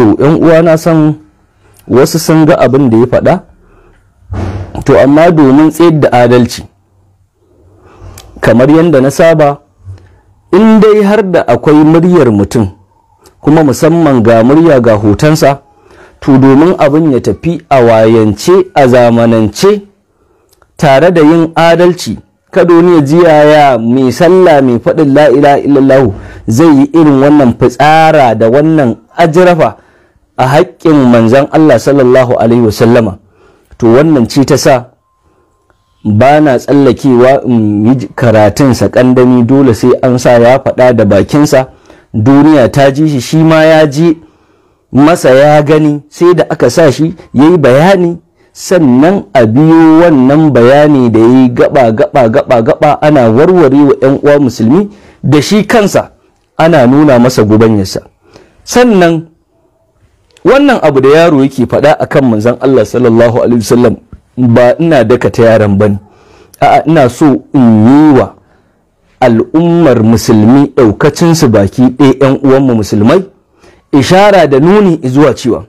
to yan uwa na san wasu sun ga abin da ya faɗa to amma domin tsayar da adalci kamar yadda na saba in dai har da akwai muryar mutum kuma musamman ga murya ga hotonsa to domin abin ya tafi a wayance a zamanance tare da yin adalci kado wani ya ji yaya mai sallah mai faɗin la'ila illallahu zai yi irin wannan fitsara da wannan ajirafa a haƙƙin manzan Allah sallallahu alaihi wasallama to wannan ce ta sa ba na tsallakewa in yi karatun sakandami dole sai an sa ya faɗa da bakinsa duniya ta ji shi shi ma ya ji masa ya gani sai da aka sa shi ya yi bayani sannan a biyo wannan bayani da ya yi gaba gaba gaba gaba ana warware wa 'yan uwa musulmi da shi kansa ana nuna masa gubanyarsa sannan wannan abu da yaro yake faɗa akan manzon Allah sallallahu alaihi wasallam ba ina daka ta yaran bane a'a ina so in yi wa al'ummar musulmi ɗaukacinsu baki ɗaya 'yan uwanmu musulmai ishara da nuni zuwa cewa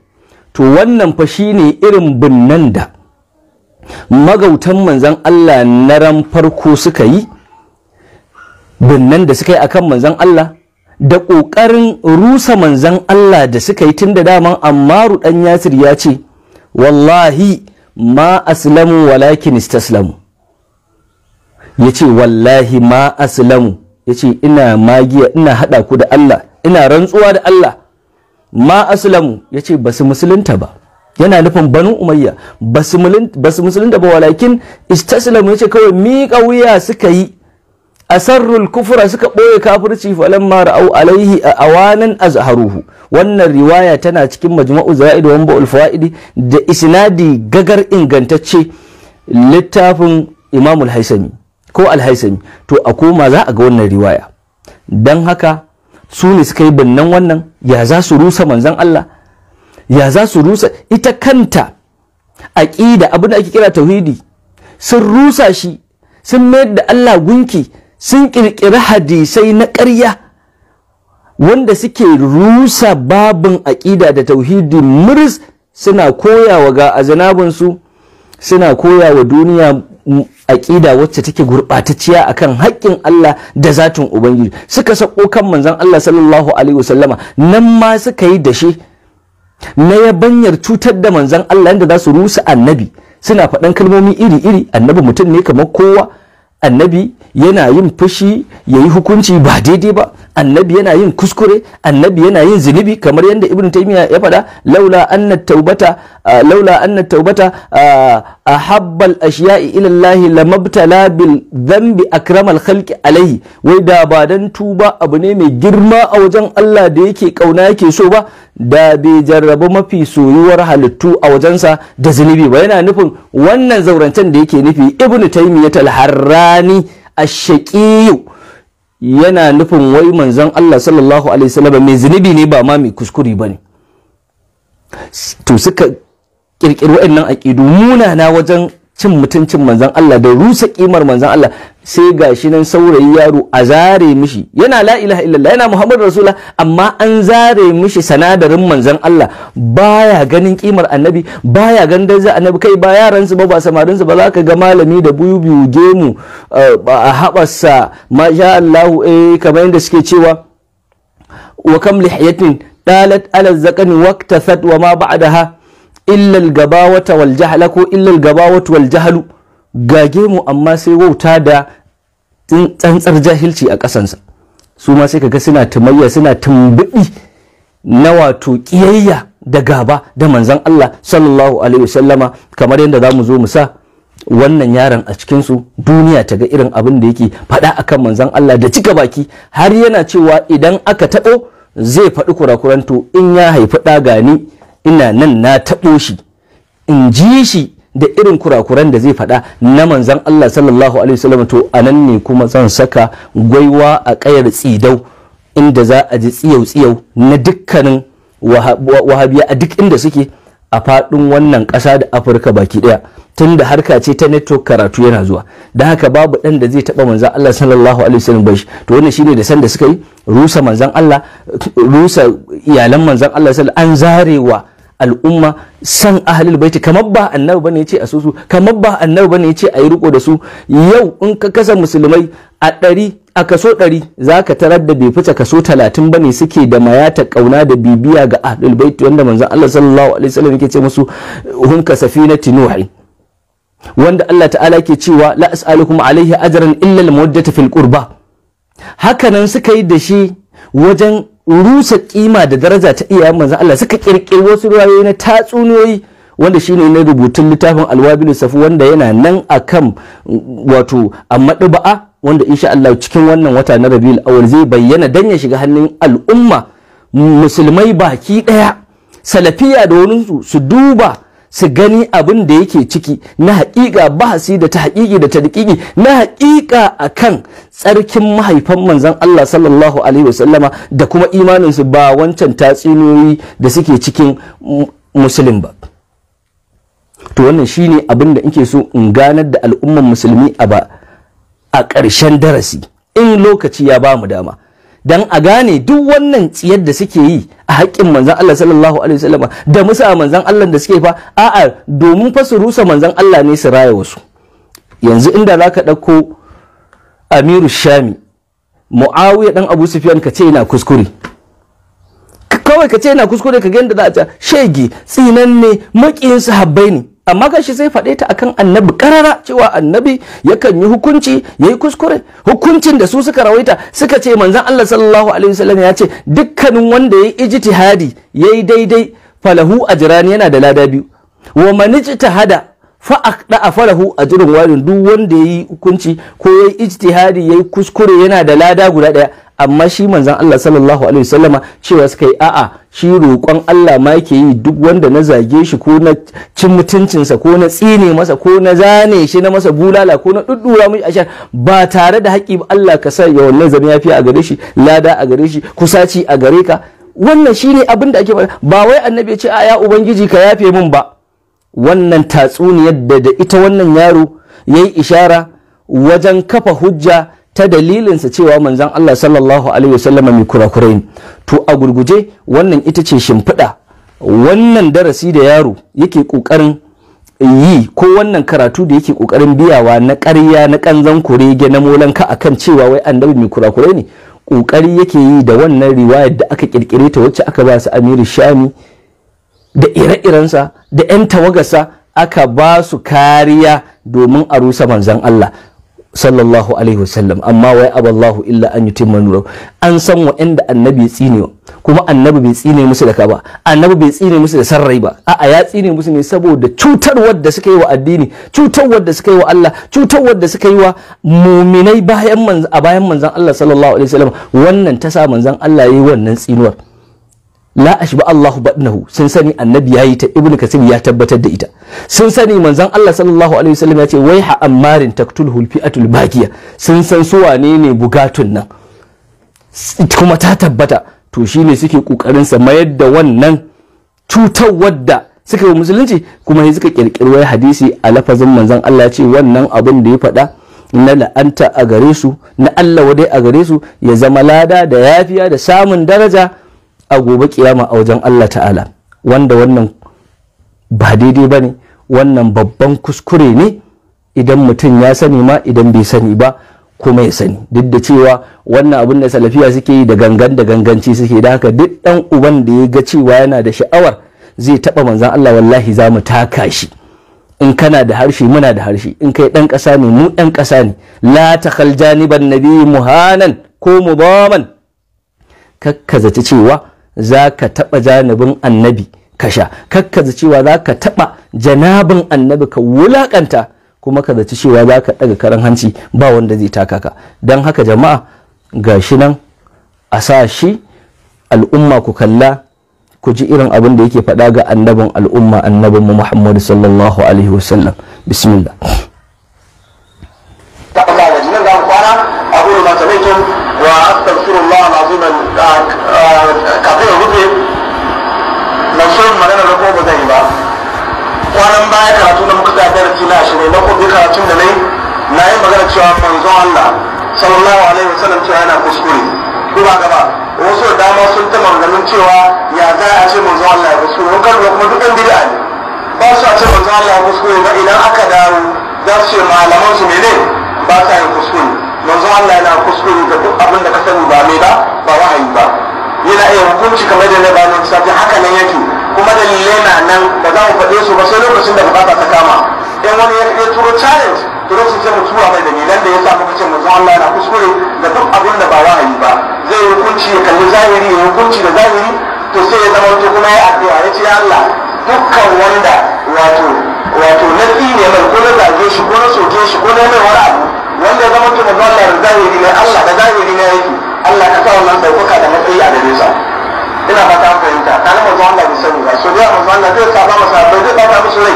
to wannan fa shine irin binnan da magautan manzan Allah na ran farko suka yi binnan da suka yi akan manzan Allah da ƙoƙarin rusa manzan Allah da suka yi tun da daman ammaru ɗan yasir ya ce wallahi ma aslamu walakin istaslamu ya ce wallahi ma aslamu ya ce ina magiya ina haɗa ku da Allah ina rantsuwa da Allah ma aslamu ya ce ba su musulunta ba yana nufin banu umayya ba su musulunta ba walakin istaslamu ya ce kawai miƙa wuya suka yi asarrul kufra suka ɓoye kafirci falamma au alaihi a awanan azharuhu wannan riwaya tana cikin majma'u zaid wa mabul fawaidi da isnadi gagar ingantacce littafin imamul haisami ko alhaisami to a koma za a ga wannan riwaya dan haka su ne suka yi bannan wannan ya za su rusa manzan Allah ya za su rusa ita kanta aƙida abin da ake kira tauhidi sun rusa shi sun mayar da Allah gunki sun ƙirƙiri hadisai na ƙarya wanda suke rusa babin aƙida da tauhidi murs suna koyawa ga azinabinsu suna koyawa duniya aƙida wacce take gurɓatacciya akan haƙƙin Allah da zatin Ubangiji suka sako kan manzon Allah sallallahu alaihi wasallama nan ma suka yi da na yabanyar cutar da manzon Allah yadda za su rusa annabi suna faɗan kalmomi iri-iri annabi mutum ne kamar kowa annabi yana yin fushi ya yi hukunci ba daidai ba annabi yana yin kuskure annabi yana yin zunubi kamar yadda ibnu taymiya ya faɗa laula anna taubata laula anna taubata ahabbal ashiya'i ila Allah lamabtala bil dhanbi akramal khalqi alaihi wai da ba dan tuba abu ne mai girma a wajen Allah da yake kauna yake so ba da bai jarraba mafi soyuwar halittu a wajensa da zunubi ba yana nufin wannan zaurancen da yake nufi ibnu taymiya al-harrani ash-shaqiyyu yana nufin wai manzon Allah sallallahu alaihi wasallam mai zunubi ne ba ma mai kuskuri bane to suka kirkiri wa'annan aƙidu munana wajen cin mutuncin manzon Allah da rusa kimar manzon Allah sai ga shi nan saurayi yaro a zare mishi yana la ilaha illallah yana muhammadu rasula amma an zare mishi sanadarin manzon Allah baya ganin kimar annabi baya ganin darajar annabi kai ba yaran su ba ba samarin su ba za ka ga malami da buyu biyu gemu eh, a habasa masha Allah eh kamar yadda suke cewa wa kam lihiyatin dalat ala zakani waqtasat wa ma ba'daha illa al-gabawata wal jahla ko illa al-gabawatu wal jahlu gage mu amma sai wauta da tsantsar jahilci a ƙasansa su ma sai ga suna tumayya suna tumbiɗi na wato ƙiyayya da gaba da manzan Allah sallallahu alaihi wasallama kamar yadda za mu zo mu sa wannan yaron a cikinsu duniya ta ga irin abin da yake faɗa akan manzan Allah da cika baki har yana cewa idan aka taɓo zai faɗi kurakuranto in ya haifi ɗa gani ina nan na taɓo shi in ji shi da irin kurakuran da zai faɗa na manzan Allah sallallahu alaihi wasallam to anan ne kuma zan saka gwaiwa a ƙayar tsidau inda za a ji tsiyau tsiyau na dukkanin wahabiya a duk inda suke a faɗin wannan ƙasa da afirka baki ɗaya tun da harka ce ta network karatu yana zuwa da haka babu ɗan da zai taɓa manzan Allah sallallahu alaihi wasallam bashi to wannan shine da sanda suka yi rusa manzan Allah rusa iyalan manzan Allah sallallahu an zarewa al'umma san Ahalil, baiti kamar ba annabi bane yace a su kamar ba annabi bane yace a yi riko da su yau in ka kasa musulmai a ɗari a kaso ɗari za ka tarar da bai fice kaso talatin bane suke da mayata kauna da bibiya ga ahalil baiti wanda manzon Allah sallallahu alaihi wasallam yake ce musu hum ka safinati nuhi wanda Allah ta'ala ke cewa la as'alukum alaihi ajran illa al-muwaddata fil qurba hakanan suka yi da shi wajen rusa kima da daraja ta iya manzan Allah suka kirkiri wasu ruwayoyi na tatsuniyoyi wanda shine na rubutun littafin alwabilu safu wanda yana nan akan wato a maɗuba'a wanda insha Allah cikin wannan wata na rabiul awal zai bayyana dan ya shiga hannun al'umma musulmai baki ɗaya salafiya da wani su duba su gani abin da yake ciki na haƙiƙa bahasi da ta haƙiƙi da ta daƙiƙi, na haƙiƙa a kan tsarkin mahaifan manzan Allah sallallahu alaihi wasallama da kuma imaninsu ba wancan tatsuniyoyi da suke cikin musulun ba to wannan shi ne abin da nke so in ganar da al'umman musulmi a ba a ƙarshen darasi in lokaci ya ba mu dama dan a gane duk wannan tsiyar da suke yi a haƙƙin manzan Allah sallallahu alaihi wasallam da musa manzan Allah da suke fa a'a domin fa su rusa manzan Allah ne su raya wasu yanzu inda zaka dauko Amiru Shami Muawiya dan Abu Sufyan ka ce yana kuskure kawai ka ce yana kuskure ka ga yadda za a ce shege tsinanne maƙiyin sahabbai ne amma gashi zai faɗe ta akan annabi karara cewa annabi yakan yi hukunci ya yi kuskure hukuncin da su suka rawaita suka ce manzan Allah sallallahu alaihi wasallam ya ce dukkanin wanda ya yi ijtihadi ya yi daidai falahu a ajrani yana da lada biyu wa man hada fa a falahu ajrun wani duk wanda ya yi hukunci ko ya yi ijtihadi ya yi kuskure yana da lada guda ɗaya. amma shi manzon Allah sallallahu alaihi wasallama cewa suka yi a'a shi roƙon Allah ma yake yi duk wanda na zage shi ko na cin mutuncinsa ko na tsine masa ko na zane shi na masa bulala ko na duddura mishi ashar ba tare da haƙƙi ba Allah ka sa ya wannan zama yafi a gare shi lada a gare shi kusaci a gare ka wannan shine abin da ake ba wai annabi ya ce a ya ubangiji ka yafe min ba wannan tatsuniyar da da ita wannan yaro yayi ishara wajen kafa hujja ta dalilinsa cewa manzan Allah sallallahu alaihi wasallam mai kurakurai to a gurguje wannan ita ce shimfiɗa wannan darasi da yaro yake ƙoƙarin yi ko wannan karatu da yake ƙoƙarin biyawa na ƙarya na ƙanzan kurege na molanka akan cewa wai annabi mai kurakurai ne ƙoƙari yake yi da wannan riwayar da aka ƙirƙire ta wacce aka ba su amiru shami da ire-irensa da 'yan tawagarsa aka ba su kariya domin a rusa manzan Allah sallallahu alaihi wasallam amma wai aballahu illa an yutimma nuru an san wa'anda annabi ya tsine kuma annabi bai tsine musu da ba annabi bai tsine musu da sarrai ba a'a ya tsine musu ne saboda cutarwar da suka yi wa addini cutarwar da suka yi wa Allah cutarwar da suka yi wa muminai bayan a bayan manzon Allah sallallahu alaihi wasallam wannan ta sa manzon Allah yayi wannan tsinuwar la ashba Allahu badnahu sun sani annabi yayi ta ibnu kasir ya tabbatar da ita sun sani manzon Allah sallallahu alaihi wasallam ya ce wai ha ammarin taktulhu alfi'atul baqiya sun san su wane ne bugatun nan kuma ta tabbata to shine suke kokarin sa mayar da wannan cutar wadda suka yi musulunci kuma sai suka kirkiri wai hadisi a lafazin manzon Allah ya ce wannan abin da ya faɗa na la'anta a gare na Allah wadai a gare ya zama lada da yafiya da samun daraja a gobe kiyama a wajen Allah ta'ala wanda wannan ba daidai ba ne wannan babban kuskure ne idan mutum ya sani ma idan bai sani ba kuma ya sani duk da cewa wannan abin da salafiya suke yi da gangan da ganganci suke da haka duk dan uban da ya ga cewa yana da sha'awar zai taba manzan Allah wallahi za mu taka shi in kana da harshe muna da harshe in kai dan kasa ne mu dan kasa ne la takhal janiban nabiyyi muhanan ko mudaman kakkazaci cewa za ka taɓa janibin annabi ka sha kakka da cewa za ka taɓa janabin annabi ka wulaƙanta kuma ka zaci cewa za ka ɗaga karan hanci ba wanda zai taka ka don haka jama'a ga shi nan a sa shi al'umma ku kalla ku ji irin abin da yake faɗa ga annabin al'umma annabin mu sallallahu alaihi wasallam bismillah تقبل الجنة وأنا ina na ne na kuɗi karatun da nai na yi magana cewa manzon Allah sallallahu alaihi wasallam cewa yana kuskure ko ba gaba wasu da dama sun ta maganganun cewa ya za a ce manzon Allah ya kuskure wani kalma kuma duk ɗan bid'a ne ba su a ce manzon Allah ya kuskure ba idan aka dawo za su ce malaman su ne ba sa yin kuskure manzon Allah yana kuskure da duk abin da ka sani ba mai ba ba wahayi ba yana iya hukunci kamar da na bayan sati haka nan yake kuma dalilai na nan ba za mu faɗe su ba sai lokacin da bukata ta kama idan wani ya kai turo challenge to sun ce mu tura mai dalilan da ya sa muka ce manzon Allah na kuskure da duk abin da ba yi ba zai yi hukunci ya kalli zahiri ya hukunci da zahiri to sai ya zama to kuma ya addu'a ya ce Allah dukkan wanda wato wato na ne mai ko na zage shi ko na soke shi ko na mai wani abu wanda ya zama to na Allah da zahiri ne Allah da zahiri ne yake Allah ka sa wannan kuka da matsayi a gare sa ina ta fahimta kana manzon Allah bai sani ba so da manzon Allah zai saba masa bai zai ta musu rai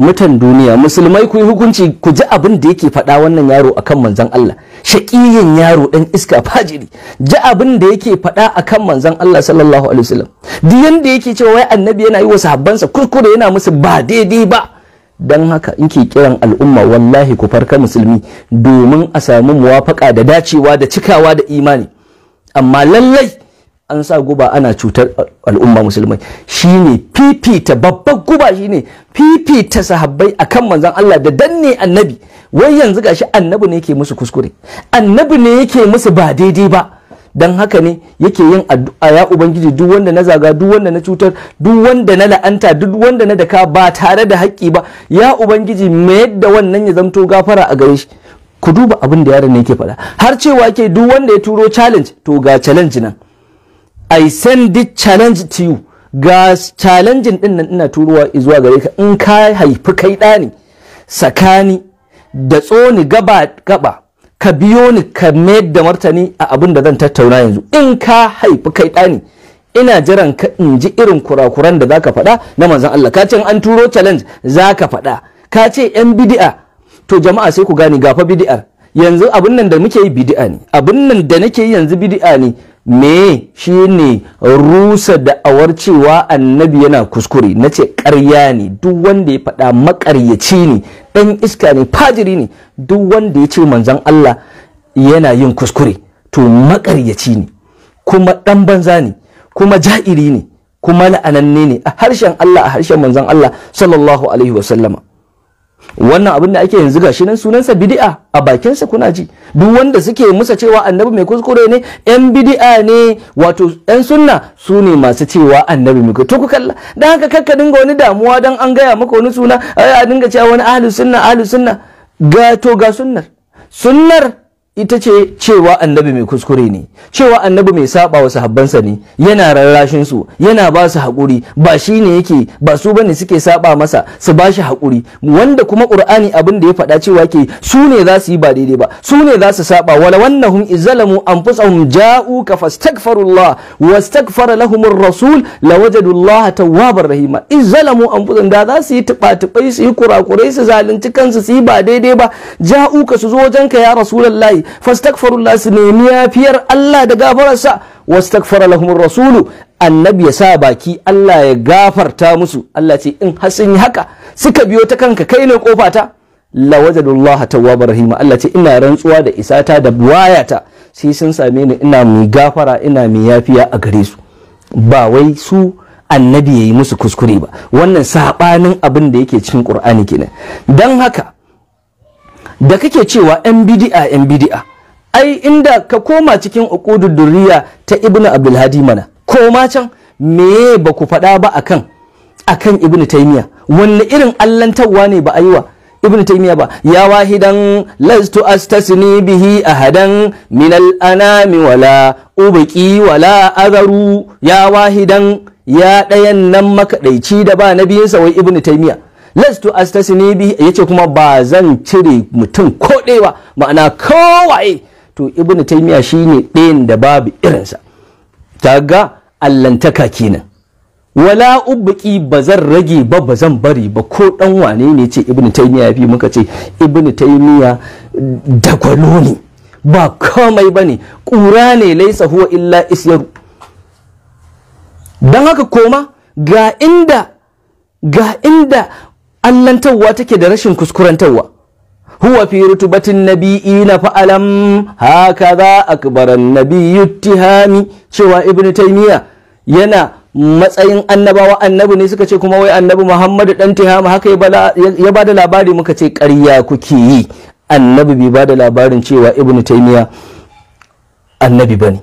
mutan duniya musulmai ku yi hukunci ku ji abin da yake faɗa wannan yaro akan manzon Allah shaqiyin yaro dan iska fajiri ji abin da yake faɗa akan manzon Allah sallallahu alaihi wasallam duk yanda yake cewa wai annabi yana yi wa sahabbansa kuskure yana musu ba daidai ba Dan haka in ke kiran al'umma wallahi ku farka musulmi domin a samu muwafaka da dacewa da cikawa da imani amma lallai an sa guba ana cutar al'umma musulmai shine fifita babbar guba shine fifita sahabbai akan manzon Allah da danne annabi wai yanzu gashi annabi ne yake musu kuskure annabi ne yake musu ba daidai ba dan haka ne yake yin addu'a ya ubangiji duk wanda na zaga duk wanda na cutar duk wanda na la'anta duk wanda na daka ba tare da haƙƙi ba ya ubangiji me yadda wannan ya zamto gafara a gare shi ku duba abin da yaron ne yake faɗa har cewa ke duk wanda ya turo challenge to ga challenge nan I send this challenge to you ga challenge din nan ina turowa zuwa gare ka in ka haifi kai ne sakani da tsoni gaba gaba ka biyo ni ka mayar da martani a abin da zan tattauna yanzu in ka haifi kai ne ina jiran ka in ji irin kurakuran da zaka faɗa na manzon Allah ka ce an turo challenge zaka faɗa ka ce yan bid'a to jama'a sai ku gane gafa bid'ar yanzu abin nan da muke yi bid'a ne abin nan da nake yi yanzu bid'a ne me shi ne rusa da'awar cewa annabi yana kuskure na ce ƙarya ne duk wanda ya faɗa maƙaryaci ne ɗan iska ne fajiri ne duk wanda ya ce manzan Allah yana yin kuskure to makaryaci ne kuma ɗan banza ne kuma ja'iri ne kuma la'ananne ne a harshen Allah a harshen manzan Allah sallallahu alaihi wasallama wannan abin da ake yanzu gashi nan sunansa bid'a a bakinsa kuna ji duk wanda suke musa cewa annabi mai kuskure ne yan bid'a ne wato yan sunna su ne masu cewa annabi mai kuskure. to ku kalla dan haka kakka dinga wani damuwa dan an gaya maka wani suna a dinga cewa wani ahlus sunna ahlus sunna ga to ga sunnar sunnar ita ce cewa annabi mai kuskure ne cewa annabi mai saba wa sahabbansa ne yana rarrashin su yana ba su haƙuri ba shi ne yake ba su bane suke saba masa su ba shi haƙuri wanda kuma ƙur'ani abin da ya faɗa cewa ke su ne za su yi ba daidai ba su ne za su saba wala wannahum izalamu anfusahum ja'u ka fastaghfirullah wastaghfara lahum ar-rasul lawajadu Allah tawwabar rahima izalamu anfusahum da za su yi tuba-tubai su yi kurakurai su zalunci kansu su yi ba daidai ba ja'u ka su zo wajenka ya rasulullahi Allah fastaghfirullah su nemi yafiyar Allah da gafararsa wastaghfara lahumur rasulu annabi ya sa baki Allah ya gafarta musu Allah ce in har sun yi haka suka biyo ta kanka kai ne kofa ta la wajadullaha rahima Allah ce ina rantsuwa da isata da buwayata sai sun same ni ina mai gafara ina mai yafiya a gare su ba wai su annabi ya yi musu kuskure ba wannan sabanin abin da yake cikin qur'ani kenan dan haka da kake cewa yan bidi'a yan bidi'a ai inda ka koma cikin uqudud durriya ta ibnu abdul hadi mana koma can me ba ku faɗa ba akan akan ibnu taymiya wanne irin allantarwa ne ba a yi wa ibn taymiya ba ya wahidan lastu astasni bihi ahadan min al-anami wala ubqi wala azaru ya wahidan ya ɗayan nan makaɗaici da ba nabiyinsa wai ibn taymiya lastu astasini bi yace kuma ba zan cire mutum kodewa ma'ana kowaye to ibnu taymiya shine ɗayan da babu irinsa kaga allantaka kenan wala ubki ba zan rage ba bazan bari ba ko dan wane ne ce ibnu taymiya ya fi muka ce ibnu taymiya da ne ba komai bane ƙura ne laisa huwa illa isyaru dan haka koma ga inda ga inda allantarwa take da rashin kuskurantawa huwa fi rutubatin nabiyina fa alam hakaza akbaran nabiyyu tihami cewa ibn taymiya yana matsayin annabawa annabi ne suka ce kuma wai annabi muhammadu dan tihama haka ya bada labari muka ce ƙarya kuke yi annabi bai bada labarin cewa ibn taymiya annabi bane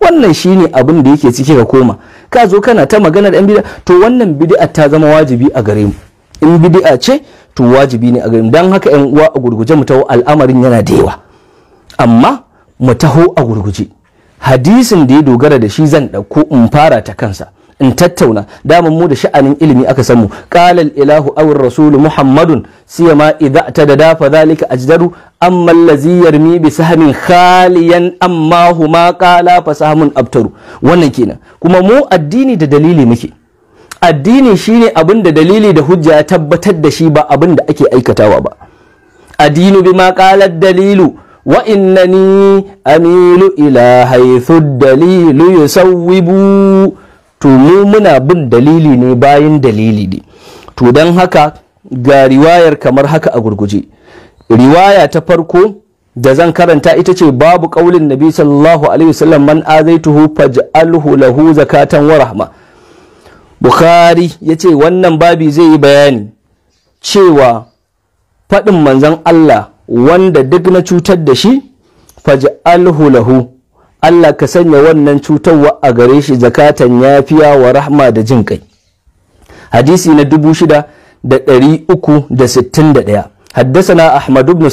wannan shine abin da yake cike ka koma ka zo kana ta maganar yan bid'a to wannan bid'a ta zama wajibi a gare mu in bid'a ce to wajibi ne a gare dan haka yan uwa a gurguje mu taho al'amarin yana da yawa amma mu taho a gurguje hadisin da ya dogara da shi zan ɗauko in fara ta kansa in tattauna daman mu da sha'anin ilimi aka samu qala al ilahu aw ar rasul muhammadun siyama idza tadada fa zalika ajdaru amma allazi yarmi bi sahmin khaliyan amma huma qala fa sahmun abtaru wannan kenan kuma mu addini da dalili muke addini shine abin da dalili da hujja ya tabbatar da shi ba abin da ake aikatawa ba addinu ma qalat dalilu wa innani amilu ila haythu dalilu yusawwibu to mu muna bin dalili ne bayan dalili ne to don haka ga riwayar kamar haka a gurguje riwaya ta farko da zan karanta ita ce babu kaulin nabi sallallahu alaihi wasallam man azaituhu faj'alhu lahu zakatan wa rahma bukhari ya ce wannan babi zai yi bayani cewa faɗin manzan Allah wanda duk na cutar da shi faji lahu Allah ka sanya wannan cutarwa a gare shi zakatan yafiya wa rahma da jin kai hadisi na dubu shida da da da sittin 6361 haddasana ahmad ibn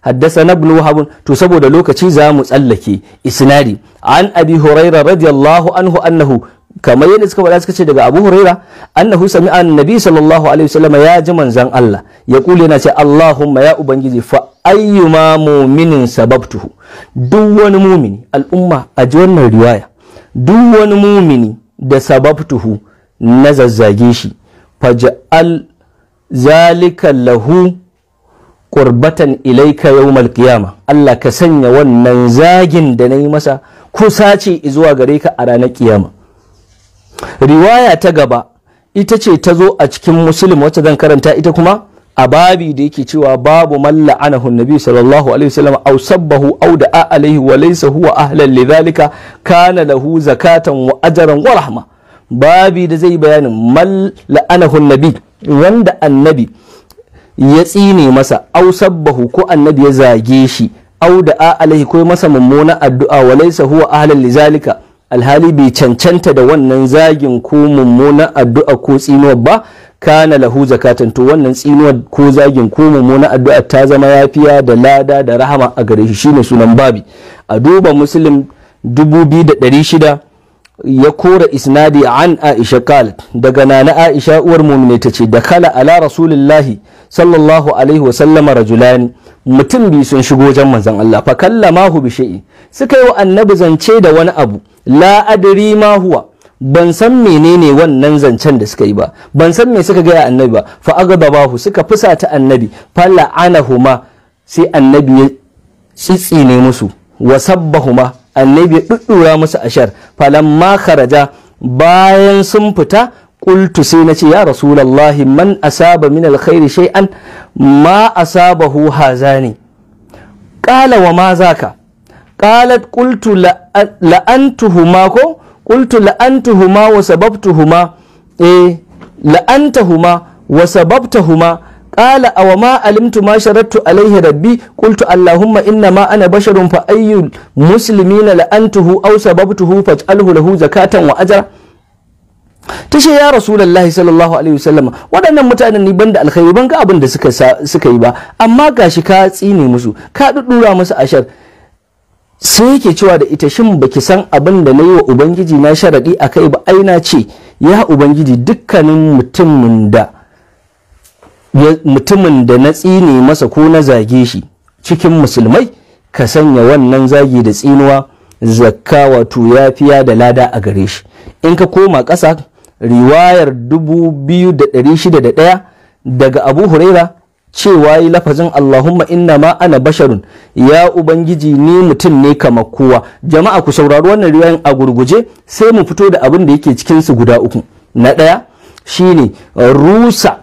Haddasa na ibn wahab to saboda lokaci za mu tsallake isnadi an abi hurairah radiyallahu anhu annahu kamar yadda suka faɗa suka ce daga Abu Huraira annahu sami'a annabi sallallahu alaihi wasallam ya ji manzan Allah ya kule yana ce Allahumma ya ubangiji fa ayyuma mu'minin sababtuhu duk wani mumini al'umma a ji wannan riwaya duk wani mumini da sababtuhu na zazzage shi faj'al zalika lahu qurbatan ilaika yawmal qiyama Allah ka sanya wannan zagin da nayi masa kusa ce zuwa gare ka a ranar kiyama riwaya ta gaba ita ce ta zo a cikin muslim wacce zan karanta ita kuma a babi da yake cewa babu malla ana nabi sallallahu alaihi wasallam aw sabbahu aw da'a alaihi wa laysa huwa ahlan lidhalika kana lahu zakatan wa ajran wa rahma babi da zai bayanin malla ana nabi wanda annabi ya tsine masa aw sabbahu ko annabi ya zage shi aw da'a alaihi ko masa mummuna addu'a wa laysa huwa ahlan lidhalika alhali bai cancanta da wannan zagin ko mummuna addu'a ko tsinuwa ba kana lahu zakatan to wannan tsinuwa ko zagin ko mummuna addu'a ta zama yafiya da lada da rahama a gare shi shine sunan babi a duba muslim 2600 ya kora isnadi an aisha kal daga nana aisha uwar mumine ta da kala ala rasulillahi sallallahu alaihi wa sallama rajulani mutum biyu sun shigo wajen manzon Allah fa kallama hu bi shay'i suka yi wa annabi zance da wani abu la adri ma huwa ban san menene wannan zancen da suka yi ba ban san me suka gaya annabi ba fa agadabahu suka fusata annabi fa la'anahuma sai annabi ya tsitsine musu wa sabbahuma annabi ya ɗuɗɗura musu ashar ma kharaja bayan sun fita qultu sai nace ya rasulullahi man asaba min alkhairi shay'an ma asabahu hazani qala wa ma zaka qalat qultu antuhuma ko qultu antuhuma wa sababtuhuma eh wa sababtahuma qala aw ma alimtu ma sharattu alaihi rabbi qultu allahumma inna ma ana basharun fa ayyul la'antuhu aw sababtuhu faj'alhu lahu zakatan tashi ya rasulullahi sallallahu alaihi wasallam waɗannan mutanen ni banda alkhairi ban ga abin da suka suka yi ba amma gashi ka tsine musu ka duddura musu ashar sai yake cewa da ita shin baki san abin da na yi wa ubangiji na sharadi akai ba aina ce ya ubangiji dukkanin mutumin da mutumin da na tsine masa ko na zage shi cikin musulmai ka sanya wannan zagi da tsinuwa zakka wato yafiya da lada a gare shi in ka koma ƙasa riwayar 2601 daga abu huraira cewa yi lafazin Allahumma inna ma ana basharun ya Ubangiji ni mutum ne kamar kowa jama'a ku saurari wannan riwayan a gurguje sai mu fito da abin da yake cikinsu guda uku na ɗaya shine rusa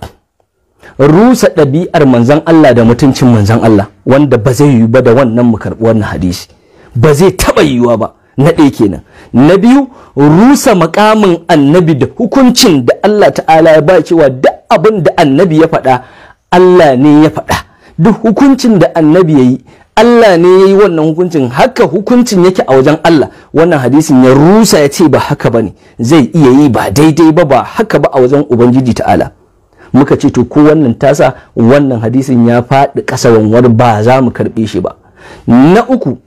rusa ɗabi'ar manzan Allah da mutuncin manzan Allah wanda ba zai yiwu ba da wannan mu karɓi wannan hadisi ba zai taɓa yiwuwa ba na ɗaya kenan na biyu rusa makamin annabi da hukuncin da Allah ta'ala ya ba cewa duk abin da annabi ya faɗa Allah ne ya faɗa duk hukuncin da annabi ya yi Allah ne ya yi wannan hukuncin haka hukuncin yake a wajen Allah wannan hadisin ya rusa ya ce ba haka ba ne zai iya yi ba daidai ba ba haka ba a wajen Ubangiji ta'ala muka ce to ko wannan tasa wannan hadisin ya faɗi ƙasa wanwar ba za mu karɓe shi ba na uku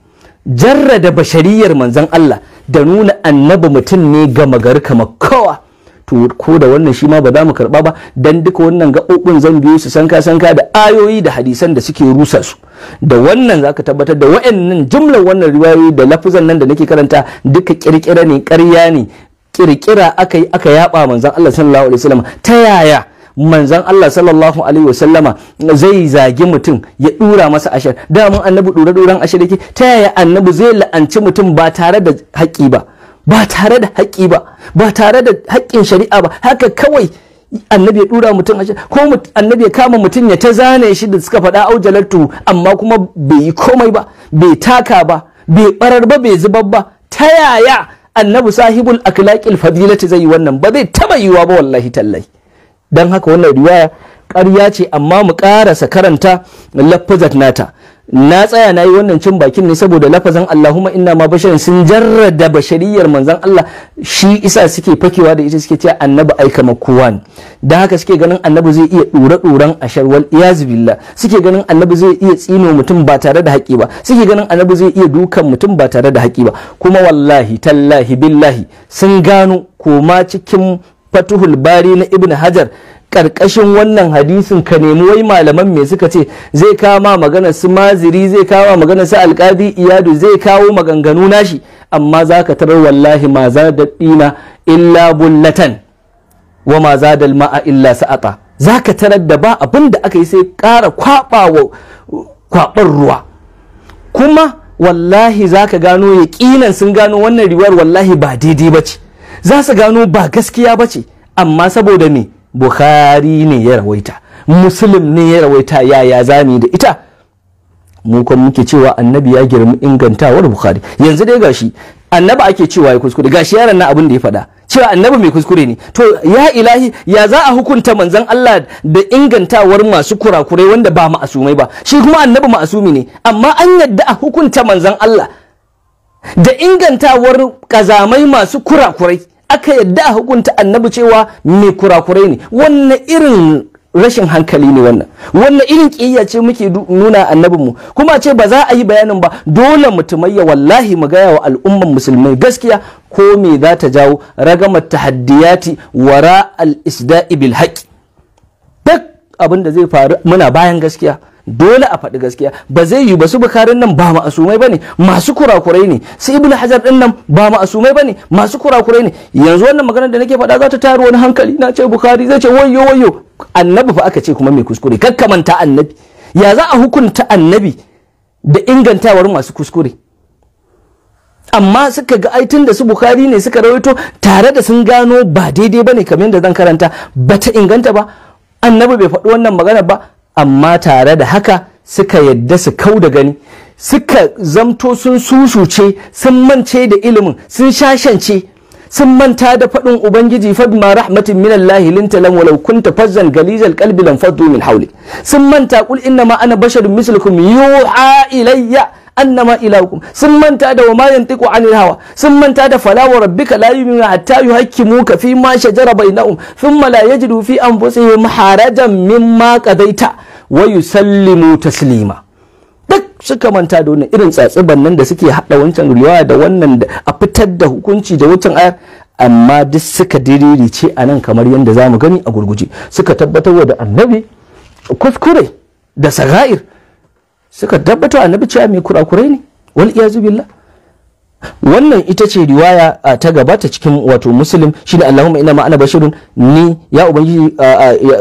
jarrada bashariyar manzon Allah da nuna annabi mutum ne gama gari kamar kowa to ko da wannan shi ma ba za mu karba ba dan duka wannan gaɓoɓin zan biyo su sanka sanka da ayoyi da hadisan da suke rusa su da wannan zaka tabbatar da wa'annan jumlar wannan riwayoyi da lafuzan nan da nake karanta duka kirkira ne ƙarya ne kirkira aka yi aka yaba manzon Allah sallallahu alaihi wasallam ta yaya manzan Allah sallallahu alaihi wasallama zai zagi mutum ya dura masa ashar daman annabi dura duran ashar yake ta yaya annabi zai la'anci mutum ba tare da haƙƙi ba ba tare da haƙƙi ba ba tare da haƙƙin shari'a ba haka kawai annabi ya dura mutum a ko annabi ya kama mutum ya ta zane shi da suka faɗa aujalatu amma kuma bai yi komai ba bai taka ba bai barar ba bai zubar ba ta yaya annabi sahibul akhlaqil fadilati zai yi wannan ba zai taba yiwa ba wallahi tallahi don haka wannan riwaya ƙarya ce amma mu ƙarasa karanta lafazat nata na tsaya na yi wannan cin bakin ne saboda lafazan Allahumma inna ma basharin sun jarrada bashariyar manzan Allah shi isa suke fakewa da ita suke cewa annabi aika kamar da haka suke ganin annabi zai iya dura duran ashar wal iyaz billah suke ganin annabi zai iya tsino mutum ba tare da haƙi ba suke ganin annabi zai iya dukan mutum ba tare da haƙi ba kuma wallahi tallahi billahi sun gano koma cikin fatuhul bari na ibn hajar karkashin wannan hadisin ka nemi wai malaman me suka ce zai kama magana su maziri zai kama magana su alkadi iyadu zai kawo maganganu nashi amma za ka tarar wallahi ma za da ɗina illa bullatan wa ma za da ma'a illa sa'ata za ka tarar da ba abin da aka yi sai ƙara kwaɓar ruwa kuma wallahi za ka gano yaƙinan sun gano wannan riwayar wallahi ba daidai ba ce za su gano ba gaskiya ba ce amma saboda me bukhari ne ya rawaita muslim ne ya rawaita yaya mu da ita mu kuma muke cewa annabi ya girma ingantawar bukhari yanzu dai gashi annabi ake cewa ya kuskure gashi yaran na abin da ya faɗa cewa annabi mai kuskure ne to ya ilahi ya za a hukunta manzon Allah da ingantawar masu kurakurai wanda ba asumai ba shi kuma annabi asumi ne amma an yadda a hukunta manzon Allah da ingantawar kazamai masu kurakurai aka yadda a hukunta annabi cewa mai kurakurai ne wannan irin rashin hankali ne wannan wannan irin kiyayya ce muke nuna annabinmu kuma ce ba za a yi bayanin ba dole mutumayya wallahi mu gaya wa al'umman musulmai gaskiya ko me za ta jawo ragamar tahaddiyati wara al-isda'i bil haqq duk abin da zai faru muna bayan gaskiya dole a faɗi gaskiya ba zai yi ba su bukarin nan ba ma'asumai bane masu kurakurai ne su ibnu hajar din nan ba ma'asumai bane masu kurakurai ne yanzu wannan magana da nake faɗa za ta tayar wani hankali na ce bukari zai ce wayo wayo annabi fa aka ce kuma mai kuskure kakkamanta annabi ya za a hukunta annabi da ingantawar masu kuskure amma suka ga tun da su bukari ne suka rawaito tare da sun gano ba daidai ba ne kamar yadda zan karanta ba ta inganta ba annabi bai faɗi wannan magana ba amma tare da haka suka yadda su kau da gani suka zamto sun susuce sun mance da ilimin sun shashance sun manta da faɗin ubangiji fad ma rahmatin min Allah linta lam walau kunta fazzan galizal qalbi lam faddu min hawli sun manta kul inna ma ana basharun mislukum yuha ilayya annama ilahukum sun manta da wa mayan tiku an hawa sun manta da falawar rabbika la yu'minu hatta ka fi ma shajara bainahum thumma la yajidu fi anfusihim harajan mimma qadaita wa yusallimu taslima duk suka manta da wannan irin tsatsiban nan da suke hada wancan riwaya da wannan da a fitar da hukunci da wancan ayar amma duk suka diririce a nan kamar yadda za mu gani a gurguje suka tabbatar wa da annabi kuskure da saga'ir suka tabbatar annabi cewa mai kurakurai ne wal iyazu billah wannan ita ce riwaya ta gabata cikin wato muslim shine allahumma inna ma ana basharun ni ya ubangiji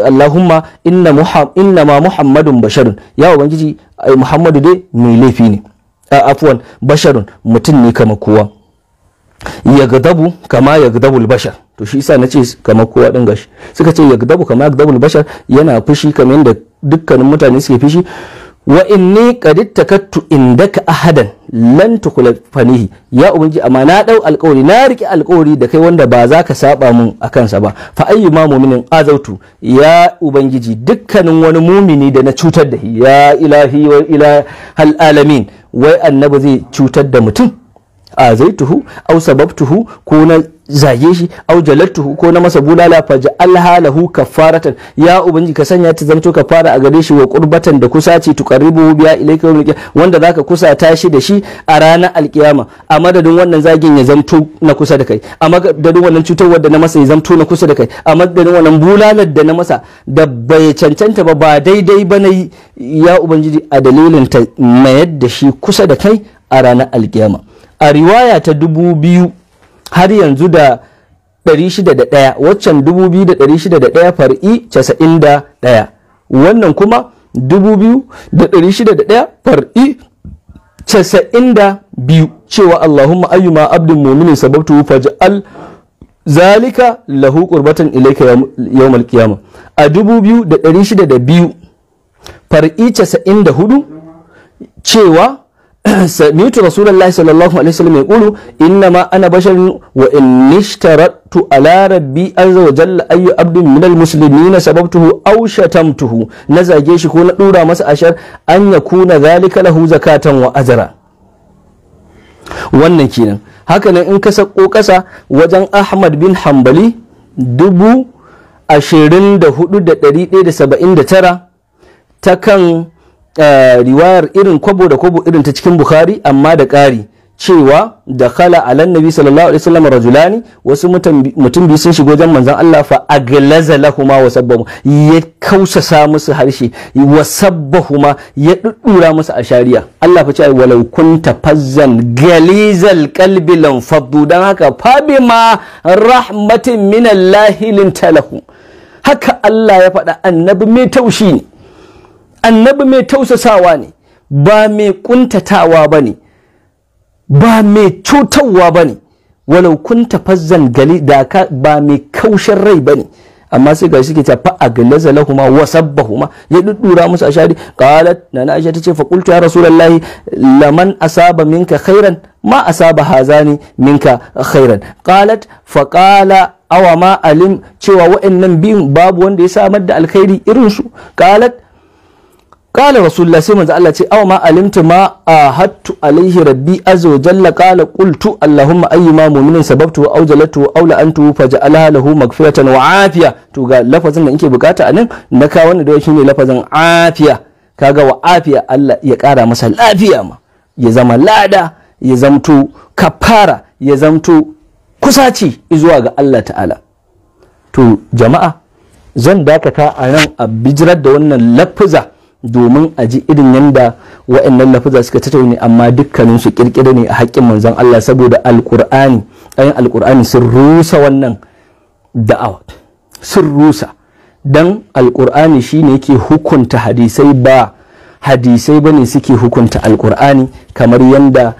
allahumma inna inna ma muhammadun basharun ya ubangiji muhammadu dai mai laifi ne afwan basharun mutum ne kama kowa gadabu kama gadabu bashar to shi yasa nace kama kowa din gashi suka ce gadabu kama gadabu bashar yana fushi kamar yadda dukkanin mutane suke fushi wa inni qad takattu indaka ahadan lan tukhlafanihi ya ubangiji amma na dau alƙawari na rike alƙawari da kai wanda ba za ka saba mun akan sa ba fa ayyuma mu'minin azautu ya ubangiji dukkanin wani mumini da na cutar da ya ilahi wa ila alamin wai annabi zai cutar da mutum A au sabab sababtuhu ko na zage shi aw jalattuhu ko na masa bulala fa ja'alha lahu kafaratan ya ubangiji ka sanya ta ka kafara a gare shi wa qurbatan da kusaci tuqarribu biya ilayka yawm wanda zaka kusata shi da shi a ranar alkiyama a madadin wannan zagin ya zanto na kusa da kai a madadin wannan cutarwar da na masa ya zanto na kusa da kai a madadin wannan bulalar da na masa da bai cancanta ba ba daidai ba na ya ubangiji a dalilin ta mayar da shi kusa da kai a ranar alkiyama a riwaya ta dubu biyu har yanzu da 601 waccan 2601 far'i 91 wannan kuma 2601 far'i 92 cewa Allahumma ayyuma abdin muminin sababtu faj'al zalika lahu qurbatan ilayka yawmal qiyamah a 2602 far'i 94 cewa sami'tu rasulullahi sallallahu alaihi wasallam ya qulu inna ana basharun wa in ishtaratu ala rabbi azza wa jalla ayyu abdin min almuslimina sababtuhu aw shatamtuhu na zage shi ko na ɗura masa ashar an yakuna zalika lahu zakatan wa ajra wannan kenan haka nan in ka sako kasa wajen ahmad bin hanbali dubu ashirin tara ta kan Eh, riwayar irin kwabo da kwabo irin ta cikin bukhari amma da ƙari cewa da kala, alan nabi sallallahu alaihi wasallam rajulani wasu mutum biyu sun shigo wajen manzon Allah fa aglaza lahuma wa sabbahu ya kausasa musu harshe wa sabbahuma ya duddura musu ashariya Allah fa ce walau kunta fazzan galizal qalbi lan faddu dan haka fa bima rahmatin min Allah lintalahu haka Allah ya faɗa annabi mai taushi ne annabi mai tausasawa ne ba mai kuntatawa ba ne ba mai cutarwa ba ne walau kunta fazzan gali da ka ba mai kaushin rai ba ne amma sai gashi ke tafa a galaza lahuma wa sabbahuma ya duddura musu ashari na na aisha tace ce qultu ya rasulullahi laman asaba minka khairan ma asaba hazani minka khairan qalat fa awa ma alim cewa wa'annan biyun babu wanda ya samar da alkhairi irin su qala rasulullah sai manzo Allah ce aw ma alimtu ma ahattu alaihi rabbi azza wa jalla qala qultu allahumma ayyuma mu'minin sababtu aw jalatu aw la'antu faj'alha lahu maghfiratan wa afiya to ga lafazin da nake bukata anan na ka wannan da shine lafazin afiya kaga wa Allah ya kara masa lafiya ma ya zama lada ya zamto kafara ya zamto kusaci zuwa ga Allah ta'ala to jama'a zan dakata a nan a bijirar da wannan lafuza domin a ji irin yanda wa'annan lafuza suka tattauni, amma dukkanin su kirkira ne a haƙƙin manzon Allah saboda alƙur'ani ayin alƙur'ani sun rusa wannan da'awa sun rusa dan alƙur'ani shine yake hukunta hadisai ba hadisai bane suke hukunta alƙur'ani kamar yanda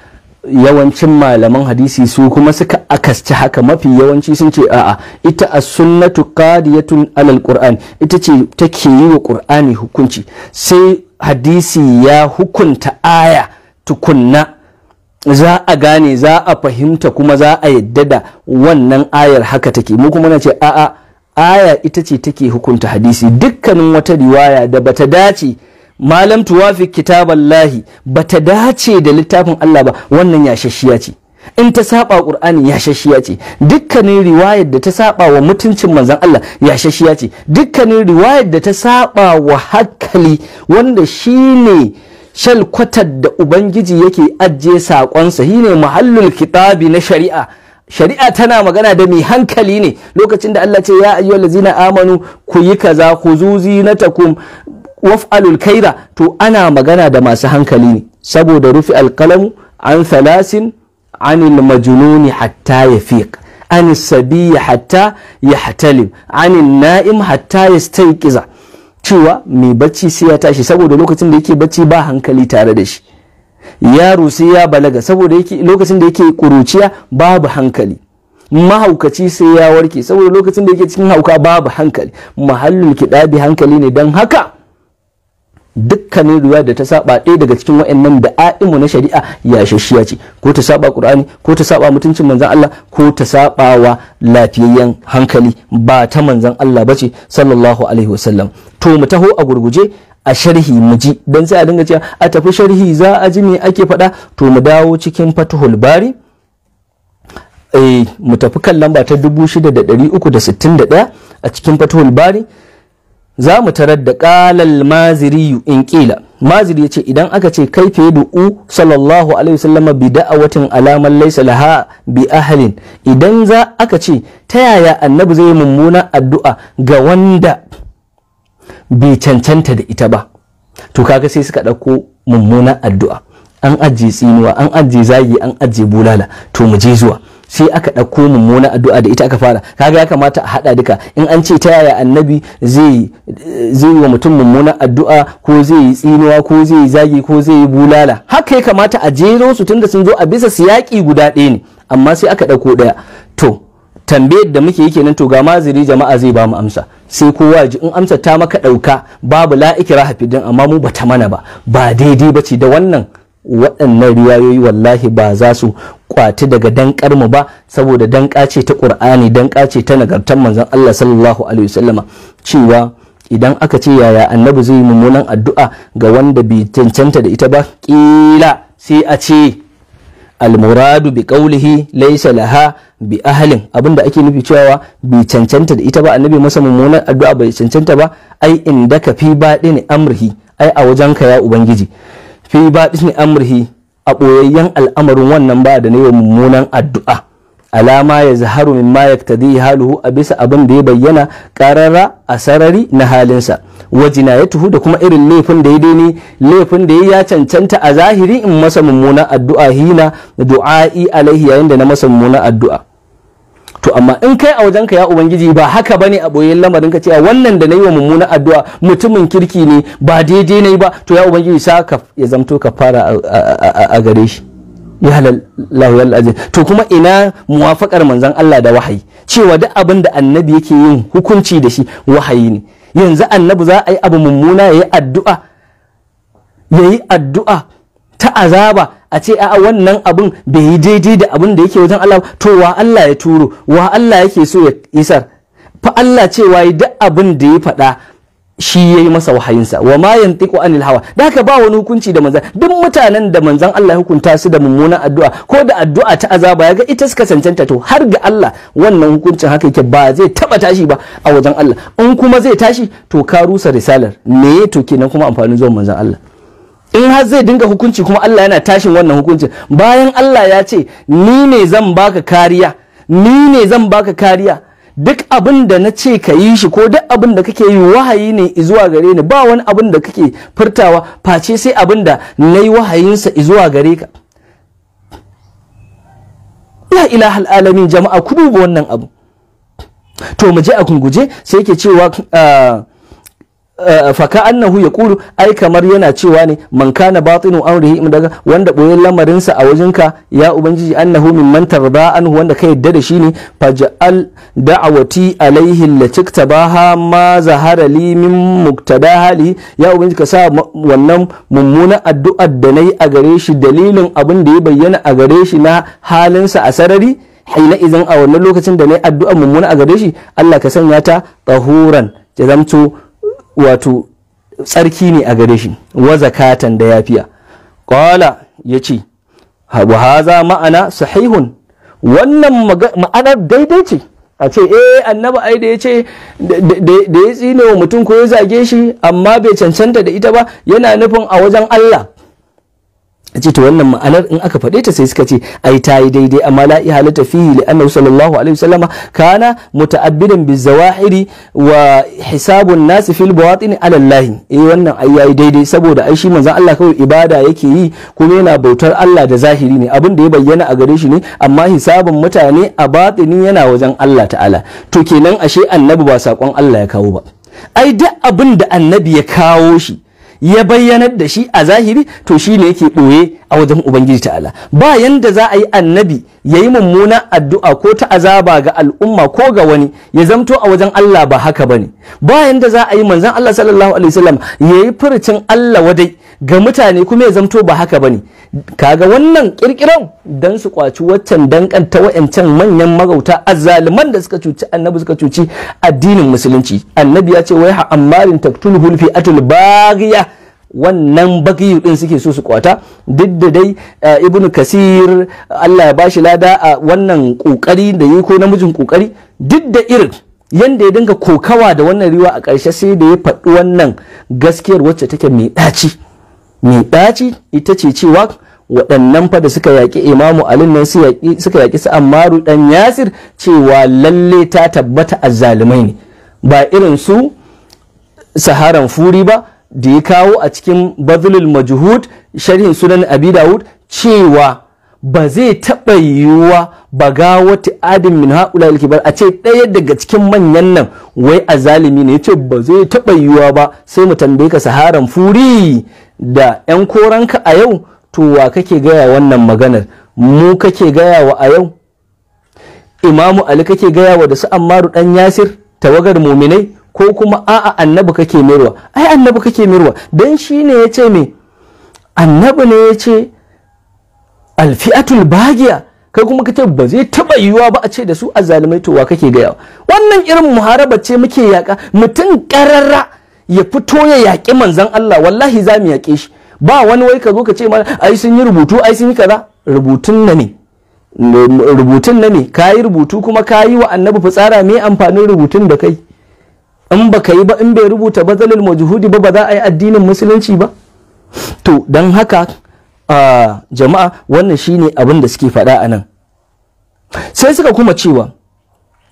yawancin malaman hadisi su kuma suka ci haka mafi yawanci sun ce a'a ita as-sunnatu qadiyatun alal qur'an ita ce take yi wa qur'ani hukunci sai hadisi ya hukunta aya tukunna za a gane za a fahimta kuma za a yadda da wannan ayar haka take mu kuma na ce a'a aya ita ce take hukunta hadisi dukkanin wata riwaya da bata dace malam tuwafi kitaballahi bata dace da littafin Allah ba wannan ya shashiya ce in ta saba qur'ani yashashiya ce dukkanin riwayar da ta saba wa mutuncin manzon Allah yashashiya ce dukkanin riwayar da ta saba wa hakali wanda shine kwatar da ubangiji yake ajiye saƙonsa shine mahallul kitabi na shari'a shari'a tana magana da mai hankali ne lokacin da Allah ce ya ayyuhal ladzina amanu ku yi kaza ku zuzi na takum waf'alul kaira to ana magana da masu hankali ne saboda rufi alkalamu an thalasin anil majnuni hatta yafiq an sabi hatta yahtalim an na'im hatta kiza. cewa mai bacci sai ya tashi saboda lokacin da yake bacci ba hankali tare da shi yaro sai ya balaga saboda lokacin da yake kuruciya babu hankali mahaukaci sai ya warke saboda lokacin da yake cikin hauka babu hankali mahallul kiɗabi hankali ne don haka dukkanin ruwa da ta saba ɗaya daga cikin wa'annan da a'imu na shari'a ya shashiya ce ko ta saba qur'ani ko ta saba mutuncin manzon Allah ko ta saba wa lafiyayyen hankali ba ta manzon Allah bace sallallahu alaihi wasallam to mu taho a gurguje a sharhi mu ji dan sai a dinga cewa a tafi sharhi za a ji me ake faɗa to mu dawo cikin fatuhul bari eh mu tafi kan lamba ta 6361 a cikin fatuhul bari za mu tarar da ƙalal maziriyu in ƙila maziri ya ce idan aka ce kai fiye da u sallallahu alaihi wasallam bi da'awatin alaman laisa laha bi ahalin idan za aka ce ta yaya annabi zai mummuna addu'a ga wanda bai cancanta da ita ba to kaga sai suka dauko mummunan addu'a an ajiye tsinuwa an ajiye zagi an ajiye bulala to mu je zuwa sai aka ɗauko mummuna addu'a da ita aka fara kaga ya kamata a haɗa duka in an ce ta yaya annabi zai yi wa mutum mummuna addu'a ko zai yi tsinuwa ko zai yi zagi ko zai yi bulala haka ya kamata a jero su tunda sun zo a bisa siyaƙi guda ɗaya ne amma sai aka ɗauko ɗaya to tambayar da muke yi kenan to ga maziri jama'a zai ba mu amsa sai kowa ji in amsa ta maka ɗauka babu la'ikira hafi hafidin amma mu bata mana ba ba daidai ba ce da wannan waɗannan riwayoyi wallahi ba za su kwati daga dankar mu ba saboda danka ce ta ƙur'ani, danka ce ta nagartar manzon Allah sallallahu alaihi wasallama cewa idan aka ce yaya annabi zai yi mummunan addu'a ga wanda bai cancanta da ita ba kila sai a ce almuradu bi qawlihi laysa laha bi ahlin abinda ake nufi cewa bai cancanta da ita ba annabi masa mummunan addu'a bai cancanta ba ai indaka fi baɗini amrihi ai a wajenka ya ubangiji fi baɗin amrihi a ɓoyayyen al'amarin wannan ba da ne mummunan addu'a alama ya zaharu min ma yaktadi haluhu a bisa abin da ya bayyana karara a sarari na halinsa wa jinayatuhu da kuma irin laifin da ya daini laifin da ya cancanta a zahiri in masa mummunan addu'a hina du'a'i alaihi yayin da na masa mummunan addu'a to amma in kai a wajenka ya ubangiji ba haka bane a boyen lamarin ka cewa wannan da nayi wa mummuna addu'a mutumin kirki ne ba daidai nayi ba to ya ubangiji sa ka ya zamto ka fara a gare shi ya halallahu ya to kuma ina muwafakar manzon Allah da wahayi cewa duk abin da annabi yake yin hukunci da shi wahayi ne yanzu annabi za a yi abu mummuna yayi addu'a yayi addu'a ta azaba a ce a wannan abin bai yi daidai da abin da yake wajen Allah to wa Allah ya turo wa Allah yake so ya isar fa Allah cewa yi duk abin da ya faɗa shi ya yi masa wahayinsa wa ma yantiqu anil hawa da haka ba wani hukunci da manzan duk mutanen da manzan Allah ya hukunta su da mummunan addu'a ko da addu'a ta azaba ya ga ita suka cancanta to har ga Allah wannan hukuncin haka yake ba zai taba tashi ba a wajen Allah in kuma zai tashi to ka rusa risalar me to kenan kuma amfanin zuwan manzan Allah in har zai dinga hukunci kuma Allah yana tashin wannan hukunci bayan Allah ya ce ni ne zan baka kariya ni ne zan baka kariya duk abin da na ce ka yi shi ko duk abin da kake yi wahayi ne izuwa gare ni ba wani abin da kake furtawa face sai abin da na yi wahayinsa izuwa gare ka la ilaha alamin jama'a ku duba wannan abu to mu je a kunguje sai yake cewa ah, Eh, faka annahu ya kulu ai kamar yana cewa ne man kana batinu amrihi daga wanda boyen lamarinsa a wajenka ya ubangiji annahu min man tarda anhu wanda ka yadda da shi ne faj'al da'awati alaihi ta ktabaha ma zahara li min muktada hali ya ubangiji ka sa wannan mummuna addu'ar da nayi a gare shi dalilin abin da ya bayyana a gare shi na halinsa a sarari Haina idan a wannan lokacin da nayi addu'a mummuna a gare shi Allah ka sanya ta tahuran ya wato tsarki ne a gare shi wa zakatan da yafiya qala yace wa haza ma'ana sahihun wannan ma'anar daidai ce a ce eh annabi ai da ya ce da ya tsine wa mutum ko ya zage shi amma bai cancanta da ita ba yana nufin a wajen Allah ce to wannan ma'anar in aka faɗe ta sai suka ce ai ta yi daidai amma la ihalata fihi li annahu sallallahu alaihi wasallama kana muta'abbidan bi zawahiri wa hisabun nas fil bawatin ala Allah eh wannan ai yayi daidai saboda ai shi manzon Allah kawai ibada yake yi kuma yana bautar Allah da zahiri ne abin da ya bayyana a gare shi ne amma hisabun mutane a batini yana wajen Allah ta'ala to kenan ashe annabi ba sakon Allah ya kawo ba ai duk abin da annabi ya kawo shi ya bayyanar da shi a zahiri to shi ne yake ɓoye a wajen ubangiji ta'ala ba yanda za a yi annabi ya yi mummunan addu'a ko ta azaba ga al'umma ko ga wani ya zamto a wajen Allah ba haka ba ne. ba yanda za a yi manzan Allah sallallahu alaihi wasallam ya yi furcin Allah wadai ga mutane kuma ya zamto ba haka bane kaga wannan kirkiran dan su kwaci waccan ta wayancan manyan magauta azzaliman da suka cuci annabi suka cuci addinin musulunci annabi ya ce wai ha ammarin taktulhul fi atul baghiya wannan bagiyu din suke so su kwata duk da dai eh, ibnu kasir Allah ya bashi lada a wannan kokari da yi ko namijin kokari duk da irin yanda ya dinga kokawa da wannan riwa a ƙarshe sai da ya faɗi wannan gaskiyar wacce take mai ɗaci mai ɗaci ita ce cewa waɗannan fada suka yaƙi imamu alin nan suka yaƙi su ammaru ɗan yasir cewa lalle ta tabbata a zalimai ne ba irin su saharan furi ba da ya kawo a cikin bazilul majhud sharhin sunan abi dawud cewa ba zai taɓa yiwuwa ba ga wata adin min haula alkibar a ce ɗaya daga cikin manyan nan wai a zalimi ne ce ba zai taɓa yiwuwa ba sai mu tambaye ka saharan furi da 'yan koranka a yau to wa kake gaya wannan maganar mu kake gaya wa a yau imamu ali kake gaya wa da su ammaru ɗan yasir tawagar muminai ko kuma a'a annabi kake mirwa ai annabi kake mirwa dan shi ne ya ce me annabi ne ya ce alfi'atul bagiya kai kuma kace ba zai taba yiwuwa ba a ce da su azzalumai to wa kake gaya wannan irin muharaba ce muke yaka mutum ƙararra. ya fito ya yaƙi manzan Allah wallahi za mu yaƙe shi ba wani wai ka zo ka ce mana ai sun yi rubutu ai sun yi kaza rubutun na ne rubutun na ne ka yi rubutu kuma ka yi wa annabi fitsara me amfanin rubutun da kai in ba ka yi ba in bai rubuta ba zalil majhudi ba ba za a yi addinin musulunci ba to don haka jama'a wannan shine abin da suke faɗa a nan sai suka kuma cewa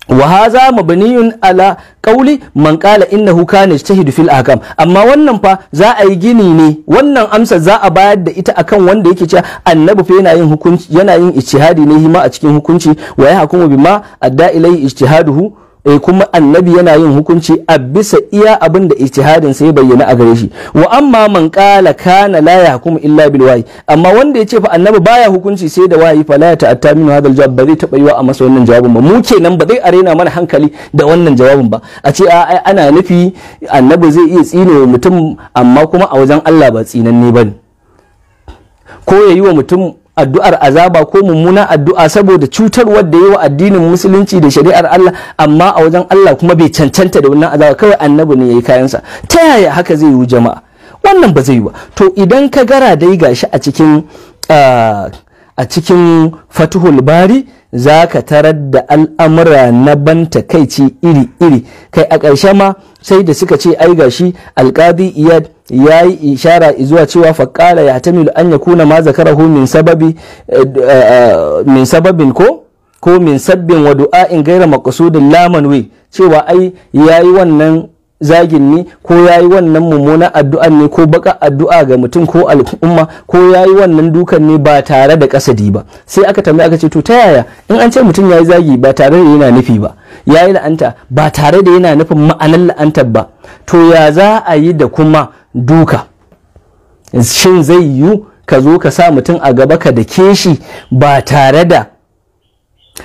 wa haza mabniyun ala qauli man qala innahu kana yajtahidu fil ahkam amma wannan fa za a yi gini ne wannan amsa za a bayar da ita akan wanda yake cewa annabi fa yana yin hukunci yana yin ijtihadi ne hima a cikin hukunci wa yahkumu bima adda ilai ijtihaduhu e kuma annabi yana yin hukunci a bisa iya abin da ijtihadin sai bayyana a gare shi wa amma man qala kana la yahkum illa bil wahyi amma wanda yace fa annabi baya hukunci sai da wahyi fa la ta'atta min hadal jawab ba zai taba a masa wannan jawabin ba mu kenan ba zai arena mana hankali da wannan jawabin ba a ce ana nufi annabi zai iya tsine mutum amma kuma a wajen Allah ba tsinanne bane ko yayi wa mutum addu'ar azaba ko mummuna addu'a saboda wanda da yi wa addinin musulunci da shari'ar Allah amma a wajen Allah kuma bai cancanta da wannan azaba kawai annabi ne yayi kayansa ta yaya haka zai yi jama'a wannan ba zai yi ba to idan ka gara dai gashi a cikin ah, a cikin fatuhul bari za ka tarar da al'amura na ban takaici iri-iri kai a ƙarshe ma sai da suka ce ai gashi alƙadi iyad ya yi ishara zuwa cewa faƙara ya tamilu an ya kuna ma zakarahu min eh, eh, eh, min sababin ko ko min sabbin wa in gaira maqsudin lamanwi cewa ai ya yi wannan zagin ne ko ya yi wannan mummunan addu'a ne ko baka addu'a ga mutum ko al'umma ko ya yi wannan dukan ne ba tare da kasadi ba sai aka tambaya aka ce to ta yaya in an ce mutum ya yi zagi ba tare da yana nufi ba ya yi la'anta ba tare da yana nufin ma'anar la'antar ba to ya za a yi da kuma duka shin zai yiwu ka zo ka sa mutum a gaba ka da shi ba tare da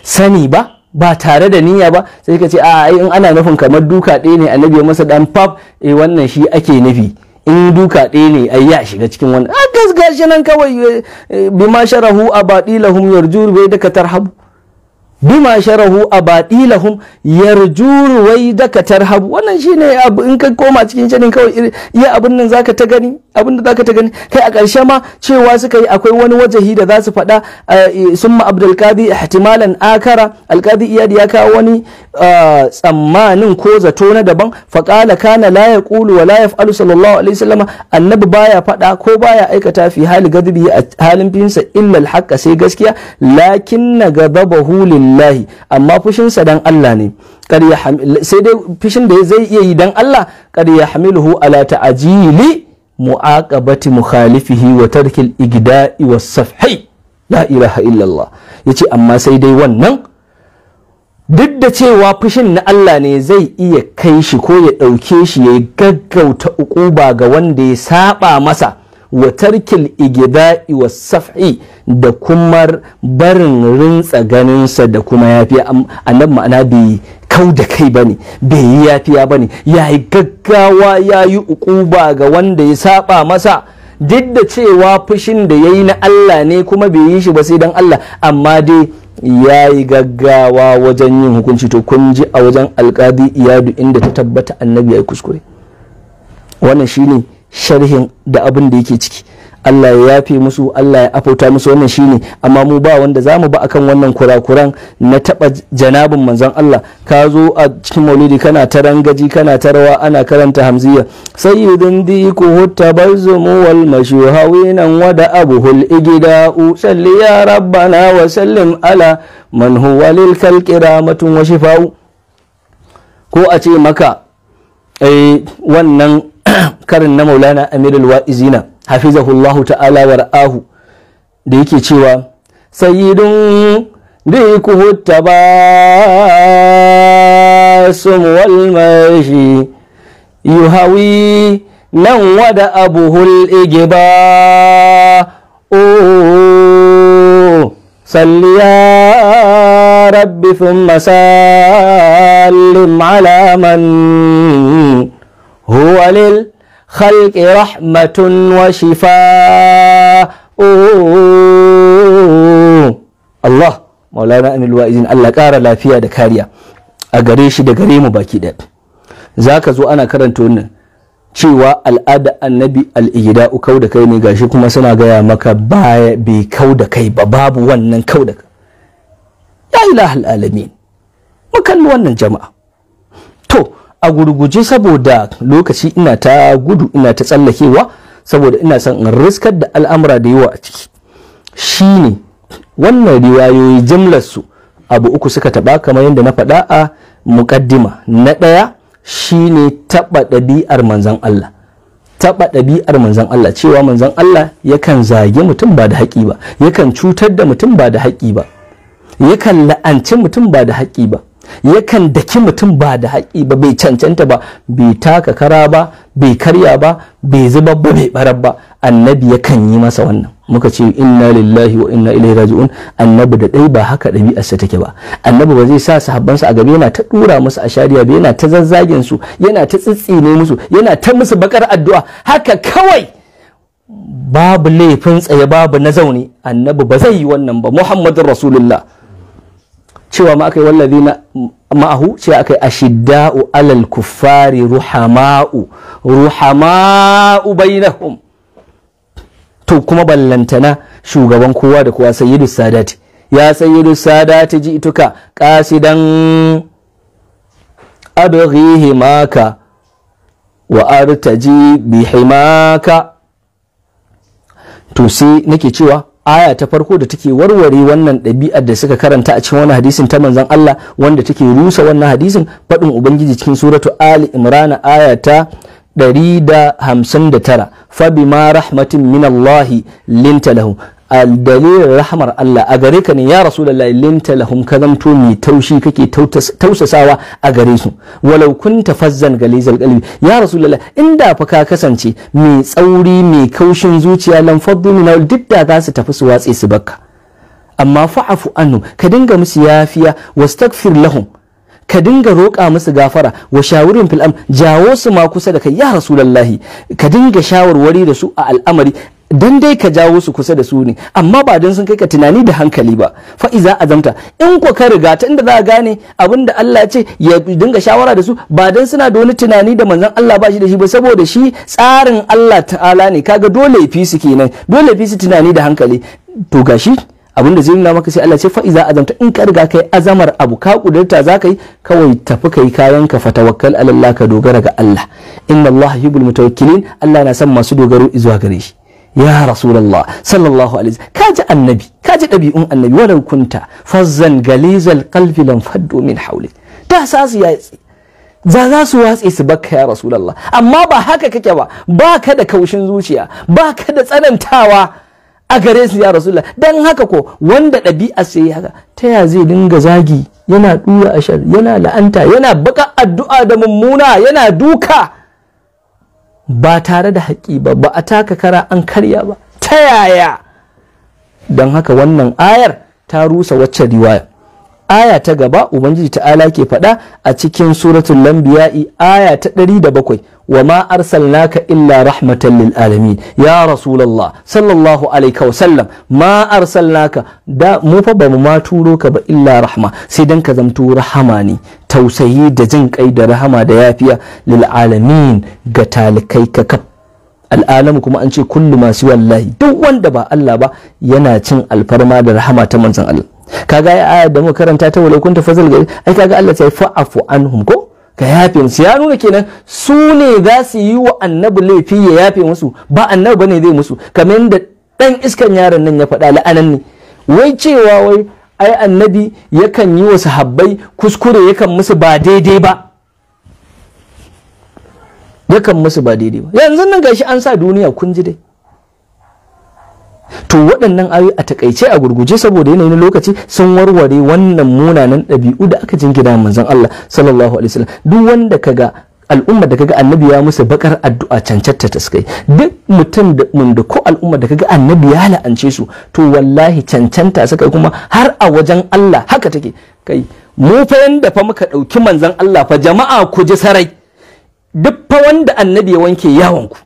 sani ba ba tare da niyya ba sai ka ce a ai in ana nufin kamar duka ɗaya ne annabi ya masa dan fab E wannan shi ake nufi in duka ɗaya ne ai ya shiga cikin wannan a gasgashi nan kawai eh, eh, bima sharahu abadilahum yarjur bai da tarhabu bima sharahu a baɗilahum yarju wai daka tarhabu wannan shine abu in ka koma cikin shanin kawai iya abin nan zaka ta gani ta gani kai a ƙarshe ma cewa suka yi akwai wani wajahi da za su faɗa sun abdul a ihtimalan akara alkadi iyadi ya kawo wani tsammanin ko zato na daban faƙala kana la ƙulu wa la fa'alu sallallahu alaihi wasallam annabi baya faɗa ko baya aikata fi hali gadbi a halin fihinsa illa alhaqqa sai gaskiya lakin na gadabahu lillahi amma fushinsa dan Allah ne sai dai fushin da zai iya yi dan Allah kar ya hamiluhu ala ta'jili mu'aqabati mukhalifihi wa tarkil igda'i was safhi la illallah yace amma sai dai wannan duk da cewa fushin na Allah ne zai iya kai shi ko ya ɗauke shi ya gaggauta uquba ga wanda ya saba masa wa tarkil igida'i wa saf'i da kuma barin rintsa ganinsa da kuma yafiya nan ma'ana bai kau da kai ba ne bai yi yafiya ba ne ya yi gaggawa ya yi uquba ga wanda ya saba masa duk da cewa fushin da ya yi na Allah ne kuma bai yi shi ba sai don Allah amma dai ya yi gaggawa wajen yin hukunci to kun ji a wajen alkadi iyadu inda ta tabbata annabi ya yi kuskure wannan shine sharhin da abin da yake ciki Allah ya yafe musu Allah ya afauta musu wannan shine amma mu ba wanda zamu mu ba akan wannan kurakuran na taba janabin manzon Allah ka zo a cikin maulidi kana ta rangaji kana ta rawa ana karanta hamziya sayyidun diku hutta barzumu wal mashuhawinan wada abuhul igida'u salli ya rabbana wa sallim ala man huwa lil kalkiramatun wa shifa'u ko a ce maka eh wannan karin na maulana amirul wa'izina hafizahullahu ta'ala wa ra'ahu da yake cewa sayyidun dikuhu tabasum wal mashi yuhawi nan wada abuhul igiba o salli ya rabbi thumma sallim ala man huwa lil rahmatun الخلق رحمة وشفاء الله مولانا أمي الوائزين الله قارة لا فيها دكاريا أغريش دكريم باكي دب zo ana أنا كرنتون cewa al'ada annabi al'ijida kau da kai ne gashi kuma suna gaya maka baya bai kau da kai ba babu wannan kau da kai ya ilaha al'alamin mu kalli wannan jama'a a gurguje saboda lokaci ina ta gudu ina ta tsallakewa saboda ina son in riskar da al'amura da yawa a ciki shine wannan riwayoyi jimlarsu abu uku suka taɓa kamar yadda na faɗa a muƙaddima na ɗaya shine taɓa ɗabi'ar manzan Allah taɓa ɗabi'ar manzan Allah cewa manzan Allah yakan zage mutum ba da haƙi ba yakan cutar da mutum ba da haƙi ba yakan la'anci mutum ba da haƙi ba yakan daki mutum ba da haƙƙi ba bai cancanta ba bai taka kara ba bai karya ba bai zuba ba bai barar ba annabi yakan yi masa wannan muka ce inna lillahi wa inna ilaihi raji'un annabi da dai ba haka ɗabi'arsa take ba annabi ba zai sa sa a gaba yana ta ɗura musu a shari'a ba yana ta zazzagin su yana ta tsitsine musu yana ta musu bakar addu'a haka kawai babu laifin tsaye babu na zaune annabi ba zai yi wannan ba muhammadin rasulullah cewa ma aka yi wallazi na ma'ahu cewa aka yi ashidda'u alal kuffari ruhama'u ruhama'u bainahum to kuma ballantana shugaban kowa da kowa sayyidu sadati ya sayyidu sadati ji ituka qasidan adghihi maka wa artaji bihimaka to sai nake cewa aya ta farko da take warware wannan ɗabi'ar da suka karanta a cikin wani hadisin ta manzon Allah wanda take rusa wannan hadisin faɗin ubangiji cikin suratu ali imran aya ta 159 fabima rahmatin min Allah linta lahu dalilin rahmar Allah a gare ka ne ya rasu linta lahum ka zamto mai taushi kake tausasawa a gare su walau kun tafazzan galizal zalgali ya rasu rasulullah inda fa ka kasance mai tsauri mai kaushin zuciya lan faddu min duk da za su tafi su watse su baka. amma fa'afu anhum ka dinga musu yafiya wastaghfir lahum ka dinga roƙa musu gafara wa shawurin fil'am jawo su ma kusa da kai ya rasulallahi ka dinga shawarwari da su a al'amari dan dai ka jawo su kusa da su ne amma ba dan sun kai ka tunani da hankali ba fa iza azamta in ko ka riga ta inda za ka gane abin da Allah ya ce ya dinga shawara da su ba dan suna da wani tunani da manzon Allah ba shi da shi ba saboda shi tsarin Allah ta'ala ne kaga dole fi su kenan dole fi su tunani da hankali to gashi abinda zai nuna maka sai Allah ce fa'iza azamta in ka riga kai azamar abu ka kudurta za ka yi kawai tafi kai kayan ka fatawakkal Allah ka dogara ga Allah inna Allah yuhibbul mutawakkilin Allah na san masu dogaro zuwa gare shi ya rasulallah sallallahu alaihi ka ji annabi ka ji annabi walau kunta fazzan galizal qalbi lam faddu min hawli ta sa su yatsi za za su watse su bakka ya rasulallah. amma ba haka kake ba ba ka da kaushin zuciya ba ka da tsanantawa a gare su ya rasulallah. dan haka ko wanda ɗabi'a sai haka ta ya zai dinga zagi yana dura ashar yana la'anta yana baka addu'a da mummuna yana duka ba tare da haƙi ba ba a taka kara an karya ba ta yaya don haka wannan ayar ta rusa wacce riwaya aya ta gaba ubangiji ta'ala ke faɗa a cikin suratul lambiya'i aya ta ɗari da bakwai wa ma arsalnaka illa rahmatan lil alamin ya rasulullah sallallahu alaihi wa sallam ma arsalnaka da mu fa bamu ma turo ka ba illa rahma sai dan ka zamto rahama ne tausayi da jin kai da rahama da yafiya lil alamin ga talikai ka kaf al'alamu kuma an ce kullu masu wallahi duk wanda ba Allah ba yana cin alfarma da rahama ta manzon Allah kaga ya ayar da muka karanta ta wale kunta fazal gari ai kaga Allah sai fa'afu anhum ko ka yafe musu ya nuna kenan su ne za su yi wa annabi laifi ya yafe musu ba annabi bane zai musu kamar yadda dan iskan yaron nan ya faɗa la'anan ne wai cewa wai ai annabi yakan yi wa sahabbai kuskure yakan musu ba daidai ba yakan musu ba daidai ba yanzu nan gashi an sa duniya kun ji dai to waɗannan ayoyi a takaice a gurguje saboda yanayi na lokaci sun warware wannan munanan ɗabi'u da aka jingina manzon Allah sallallahu alaihi wasallam duk wanda kaga al'umma da kaga annabi ya musu bakar addu'a cancanta ta taskai duk mutum da mun da ko al'umma da kaga annabi ya la'ance su to wallahi cancanta suka kuma har a wajen Allah haka take kai mu fa yanda fa muka ɗauki manzon Allah fa jama'a ku ji sarai duk fa wanda annabi ya wanke yawon ku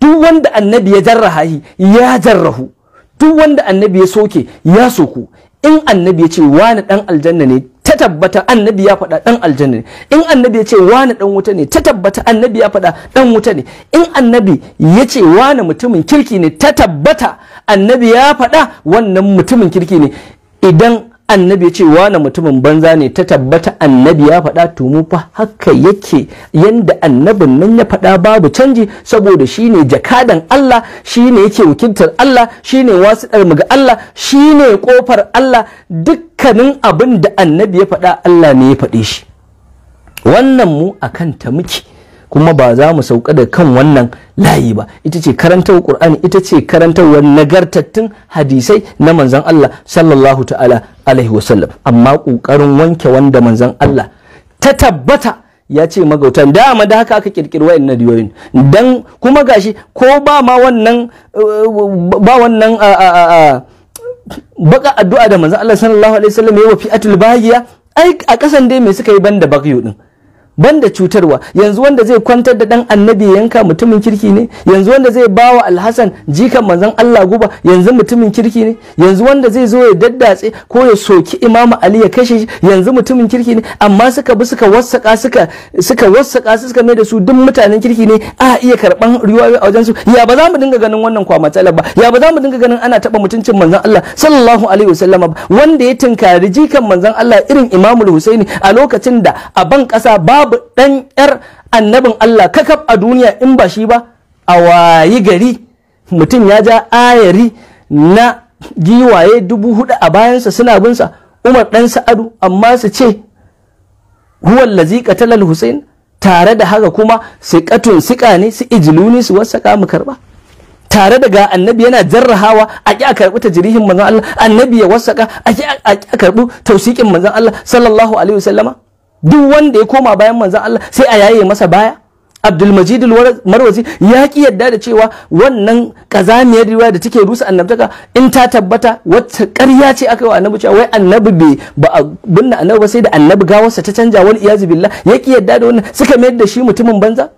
duk wanda annabi ya jarraha ya jarrahu duk wanda annabi ya soke ya soku in annabi ya ce wani dan aljanna ne ta tabbata annabi ya faɗa dan aljanna ne in annabi ya ce wani dan wuta ne ta tabbata annabi ya faɗa dan wuta ne in annabi ya ce wani mutumin kirki ne ta tabbata annabi ya faɗa wannan mutumin kirki ne idan annabi ya ce wani mutumin banza ne ta tabbata annabi ya faɗa tumu fa haka yake yanda annabin nan ya faɗa babu canji saboda shine jakadan Allah shine yake wakiltar Allah shine wasiɗar mu ga Allah shine kofar Allah dukkanin abin da annabi ya faɗa Allah ne ya faɗe shi wannan mu akan ta muke kuma ba za mu sauka da kan wannan layi ba ita ce karantar qur'ani ita ce karantarwar nagartattun hadisai na manzon Allah sallallahu ta'ala alaihi wasallam amma kokarin wanke wanda manzon Allah ta tabbata ya ce magautan dama da haka aka kirkiri wayannan riwayoyin dan kuma gashi ko ba ma wannan eh, ba wannan baka addu'a da manzon Allah sallallahu alaihi wasallam yayi wa fi'atul bahiya ai a kasan dai me suka yi banda bakiyo din banda cutarwa yanzu wanda zai kwantar da dan annabi yanka mutumin kirki ne yanzu wanda zai bawa alhassan jikan manzon Allah guba yanzu mutumin kirki ne yanzu wanda zai zo ya daddatse ko ya soki imamu ali ya kashe shi yanzu mutumin kirki ne amma suka bi suka wassaka suka suka wassaka suka mai da su duk mutanen kirki ne a iya karban riwayoyi a wajen su ya ba za mu dinga ganin wannan matsalar ba ya ba za mu dinga ganin ana taba mutuncin manzon Allah sallallahu alaihi wasallama ba wanda ya tunkari jikan manzon Allah irin imamul Husaini a lokacin da a ban kasa babu babu ɗan ‘yar annabin Allah kakaf a duniya in ba shi ba a wayi gari mutum ya ja ayari na giwaye dubu hudu a bayansa suna binsa umar ɗan sa'adu amma su ce huwan lazi ta hussein tare da haka kuma sikatun sika ne su ijiluni su wasaka mu karba tare da ga annabi yana jarrahawa a ƙi a karɓi tajirihin manzon Allah annabi ya wasaka a ƙi a karɓi tausikin manzon Allah sallallahu alaihi wasallama duk wanda ya koma bayan manzan Allah sai a yaye masa baya Abdulmajid Marwazi ya ki yadda da cewa wannan kazamiyar riwaya da take rusa annabtaka in ta tabbata wata ƙarya ce aka yi wa annabi cewa wai annabi bai ba a binne annabi ba sai da annabi gawarsa ta canja wal iyazu billah ya ki yadda da wannan suka mayar da shi mutumin banza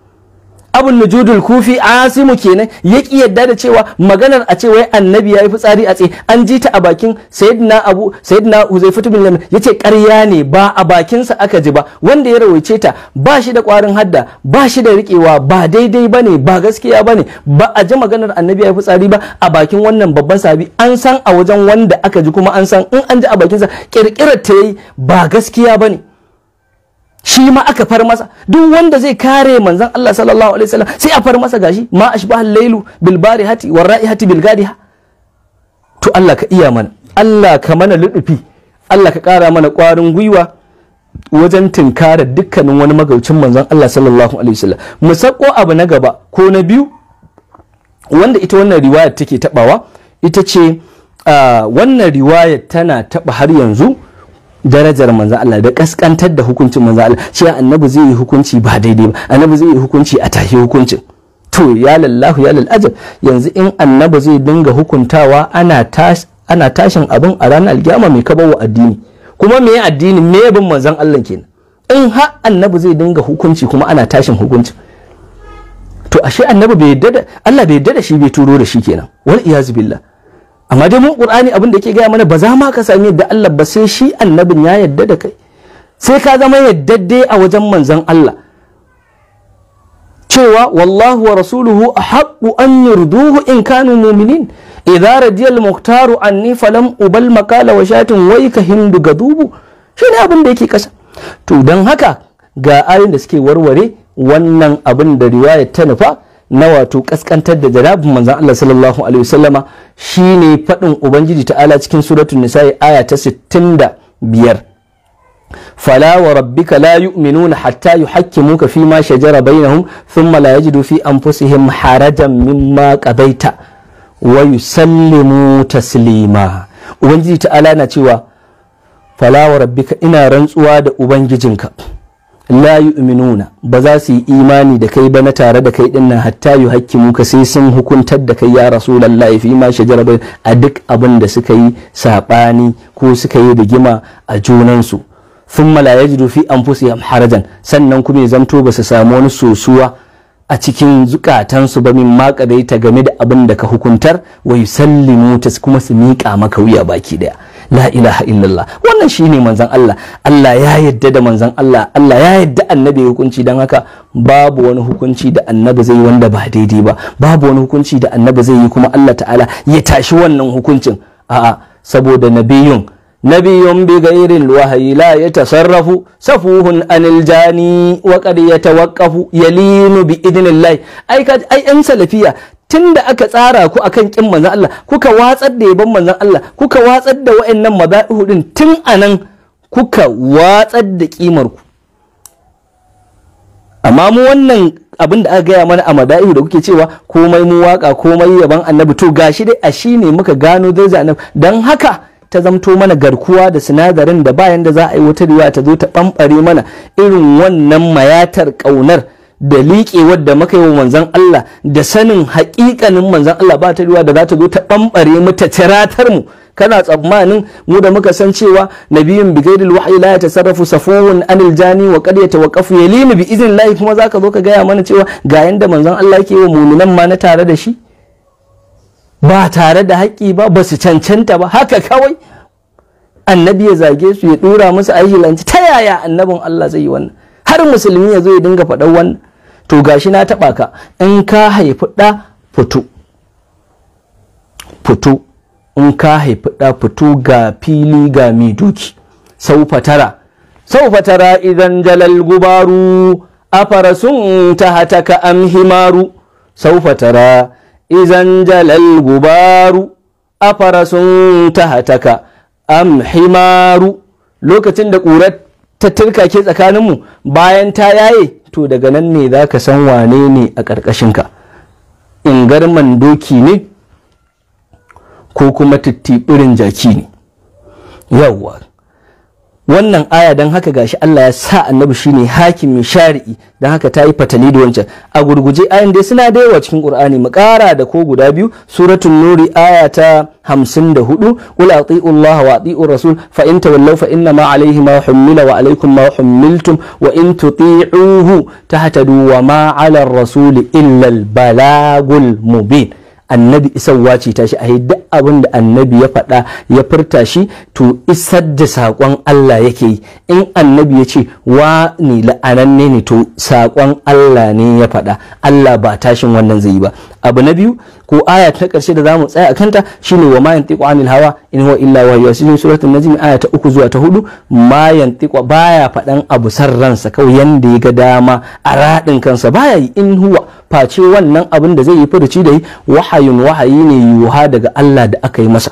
abun nujudul kufi asimu kenan ya ki yadda da cewa maganar a cewa annabi yayi fitsari a tsaye an ji ta a bakin sayyidina abu sayyidina huzaifatu bin Ya yace ƙarya ne ba a bakin sa aka ji ba wanda ya rawaice ta ba shi da ƙwarin hadda ba shi da riƙewa ba daidai bane ba gaskiya bane ba a ji maganar annabi ya yi fitsari ba a bakin wannan babban sabi an san a wajen wanda aka ji kuma an san in an ji a bakinsa ƙirƙirar ta yi ba gaskiya bane shi ma aka far masa duk wanda zai kare manzon Allah sallallahu alaihi wasallam sai a far masa gashi ma ashbahal lailu bil barihati war raihati bil gadiha to Allah ka iya mana Allah ka mana ludufi Allah ka kara mana kwarin gwiwa wajen tinkara dukkanin wani magaucin manzon Allah sallallahu alaihi wasallam mu sako abu na gaba ko na biyu wanda ita wannan riwayar take tabawa ita ce ah, wannan riwayar tana taba har yanzu darajar manzo Allah da kaskantar da hukuncin manzo Allah shi annabi zai yi hukunci ba daidai ba annabi zai yi hukunci a tahi hukuncin to ya lallahu ya lalajab yanzu in annabi zai dinga hukuntawa ana tash ana tashin abin a ranar alkiyama mai kabawa addini kuma me addini me bin manzon Allah kenan in har annabi zai dinga hukunci kuma ana tashin hukuncin to ashe annabi bai yarda Allah bai yarda da shi bai turo da shi kenan wal iyazu billah amma dai mu qur'ani abin da yake gaya mana ba za ma ka sami yadda Allah ba sai shi annabin ya yadda da kai sai ka zama yaddadde a wajen manzon Allah cewa wallahu wa rasuluhu ahaqqu an yurduhu in kanu mu'minin idza radiya al-muhtaru anni falam ubal makala wa shatin wai ka hindu gadubu shine abin da yake kasa to dan haka ga ayin da suke warware wannan abin da riwaya ta nufa na wato kaskantar da jarabin manzan Allah sallallahu alaihi wasallama shine faɗin ubangiji ta'ala cikin suratul nisa'i aya ta 65 fala wa rabbika la yu'minuna hatta muka fi ma shajara bainahum thumma la yajidu fi anfusihim harajan mimma qadaita wa yusallimu taslima ubangiji ta'ala na cewa fala wa rabbika ina rantsuwa da ubangijinka la yu'minuna ba za su yi imani da kai ba na tare da kai dinnan hatta yu ka sai sun hukuntar da kai ya rasulullahi fi ma shajara a duk abin da suka yi sabani ko suka yi rigima a junansu su la yajidu fi anfusihim harajan sannan kuma zamto ba su samu wani sosuwa a cikin zukatansu ba min ma ta game da abin da ka hukuntar wa yusallimu ta kuma su miƙa maka wuya baki daya la ilaha illallah wannan shine manzon Allah Allah ya yadda da manzon Allah Allah ya yadda annabi hukunci dan haka babu wani hukunci da annabi zai wanda ba daidai ba babu wani hukunci da annabi zai yi kuma Allah ta'ala ya tashi wannan hukuncin a'a saboda nabiyun nabiyun bi gairin wahayi la ya tasarrafu safuhun anil jani wa qad yatawaqqafu yalinu bi idnillah ai ai salafiya tun da aka tsara ku akan kin Manzan Allah kuka watsar da yaban Manzan Allah kuka watsar da wa'annan mada'ihu din tun anan kuka watsar da kimar ku amma mu wannan abin da aka gaya mana a mada'ihu da kuke cewa komai mu waka komai yaban annabi to gashi dai a shine muka gano za annabi dan haka ta zamto mana garkuwa da sinadarin da bayan da za a yi wata riwaya ta zo ta bambare mana irin wannan mayatar ƙaunar da liƙewar da muka yi wa manzan Allah da sanin haƙiƙanin manzan Allah ba ta da za ta zo ta ɓamɓare mu ta tiratar mu kana tsammanin mu da muka san cewa nabiyin bigaidil wahyi la yatasarrafu safuwun anil jani wa qad yatawaqqafu yalimi bi izin lahi kuma zaka zo ka gaya mana cewa ga yanda manzon Allah yake wa mu'minan ma na tare da shi ba tare da haƙƙi ba ba su cancanta ba haka kawai annabi ya zage su ya dora musu ayi lanci ta yaya annabin Allah zai yi wannan har musulmi ya zo ya dinga faɗar wannan to gashi na taɓa ka in ka haifi ɗa fito fito in ka haifi ɗa fito ga fili ga mai doki sau fatara sau fatara idan jalal gubaru afarasun ta hataka am himaru sau fatara idan jalal gubaru afarasun ta hataka am himaru lokacin da ƙurar ta turkake tsakaninmu bayan ta yaye to daga nan ne za ka san wane ne a ƙarƙashinka in garman doki ne ko kuma tattibirin jaki ne yawwa wannan aya dan haka gashi Allah ya sa annabi shine hakimin shari'i don haka ta yi fatali da wancan a gurguje ayan dai suna da yawa cikin qur'ani mu kara da ko guda biyu suratul nuri aya ta 54 qul ati'u Allah wa ati'u rasul fa in tawallaw fa inna ma alayhi ma humila wa alaykum ma humiltum wa in tuti'uhu tahtadu wa ma 'ala ar-rasul illa al-balagul mubin annabi isarwa ce ta shi a duk abin da annabi ya faɗa ya furta shi to isar da sakon Allah yake yi in annabi ya ce wa ni la'ananne ne to saƙon Allah ne ya faɗa Allah ba tashin wannan zai yi ba abu na biyu ko aya ta ƙarshe da zamu tsaya a kanta shine wa mayan tiqu anil hawa in huwa illa wahyu yasin suratul najm aya ta uku zuwa ta hudu mayan tiqu baya faɗan abu san ransa kawai yanda ya ga dama a raɗin kansa baya yi in huwa face wannan abin da zai yi furuci da yi wahayi wahayun wahayi ne yuha daga Allah da aka yi masa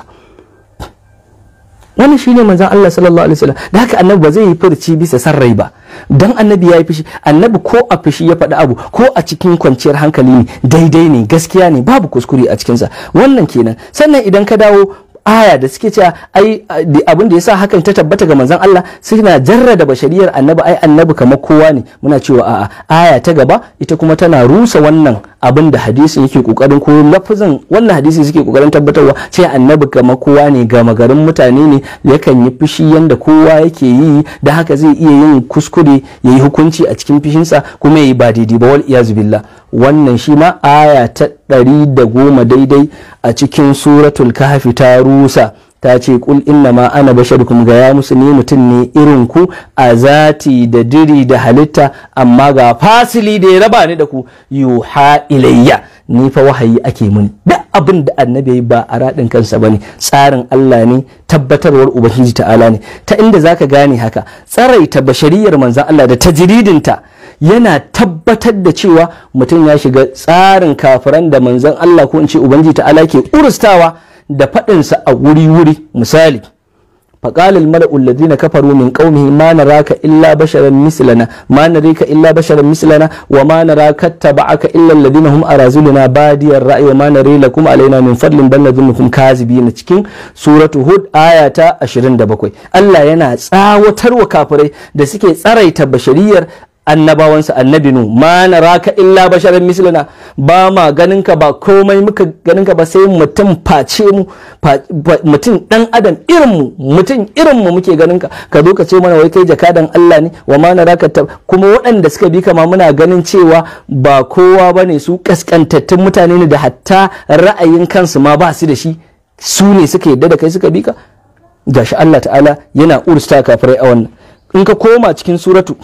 wannan shine manzon Allah sallallahu alaihi wasallam da haka annabi ba zai yi furci bisa sarrai ba dan annabi ya yi fushi. annabi ko a fushi ya faɗi abu ko a cikin kwanciyar hankali ne daidai ne gaskiya ne babu kuskure a cikinsa wannan kenan sannan idan ka dawo aya da suke cewa ai abin da yasa hakan ta tabbata ga manzon Allah suna jarrada bashariyar annabi ai annabi kama kowa ne muna cewa a'a aya ta gaba ita kuma tana rusa wannan abin da hadisin yake kokarin ko lafazin wannan hadisin suke kokarin tabbatarwa ce annabi kamar kowa ne gama garin mutane ne yakan yi fushi yanda kowa yake yi da haka zai iya yin kuskure yayi hukunci a cikin fishinsa kuma yayi ba daidai ba wal iyazu billah wannan shi ma aya ta ɗari da goma daidai a cikin suratul kahfi ta rusa ta ce kul inna ma ana basharukum ga ya musu ni mutum ne irin ku a zati da diri da halitta amma ga fasili da ya raba ni da ku yuha ilayya ni fa wahayi ake muni duk abin da annabi ya ba a raɗin kansa bane tsarin Allah ne tabbatarwar ubangiji ta'ala ne ta inda zaka gane haka tsaraita bashariyar manzon Allah da tajridinta yana tabbatar da cewa mutum ya shiga tsarin kafiran da manzon Allah ko in ce Ubangiji ta'ala ke kurustawa da faɗinsa a wuri-wuri misali faƙalil mala'ul ladina kafaru min qaumihi ma naraka illa basharan mislana ma narika illa basharan mislana wa ma naraka tattaba'aka illa alladina hum arazuluna badiyar ra'yi wa ma narila kum alaina min fadlin bal nadhunnukum kazibin cikin suratu hud ayata 27 Allah yana tsawatarwa kafirai da suke tsareta bashariyar annabawansa annabi nu ma naraka illa basharan mislana ba ma ganin ka ba komai muka ganin ka ba sai mutum face mu mutum dan adam irin mu mutum irin mu muke ganin ka ka zo ka ce mana wai kai jakadan Allah ne wa ma naraka kuma waɗanda suka bi kama muna ganin cewa ba kowa bane su kaskantattun mutane ne da hatta ra'ayin kansu ma ba su da shi su ne suka yadda da kai suka bi ka gashi Allah ta'ala yana ursta kafirai a wannan in ka koma cikin suratu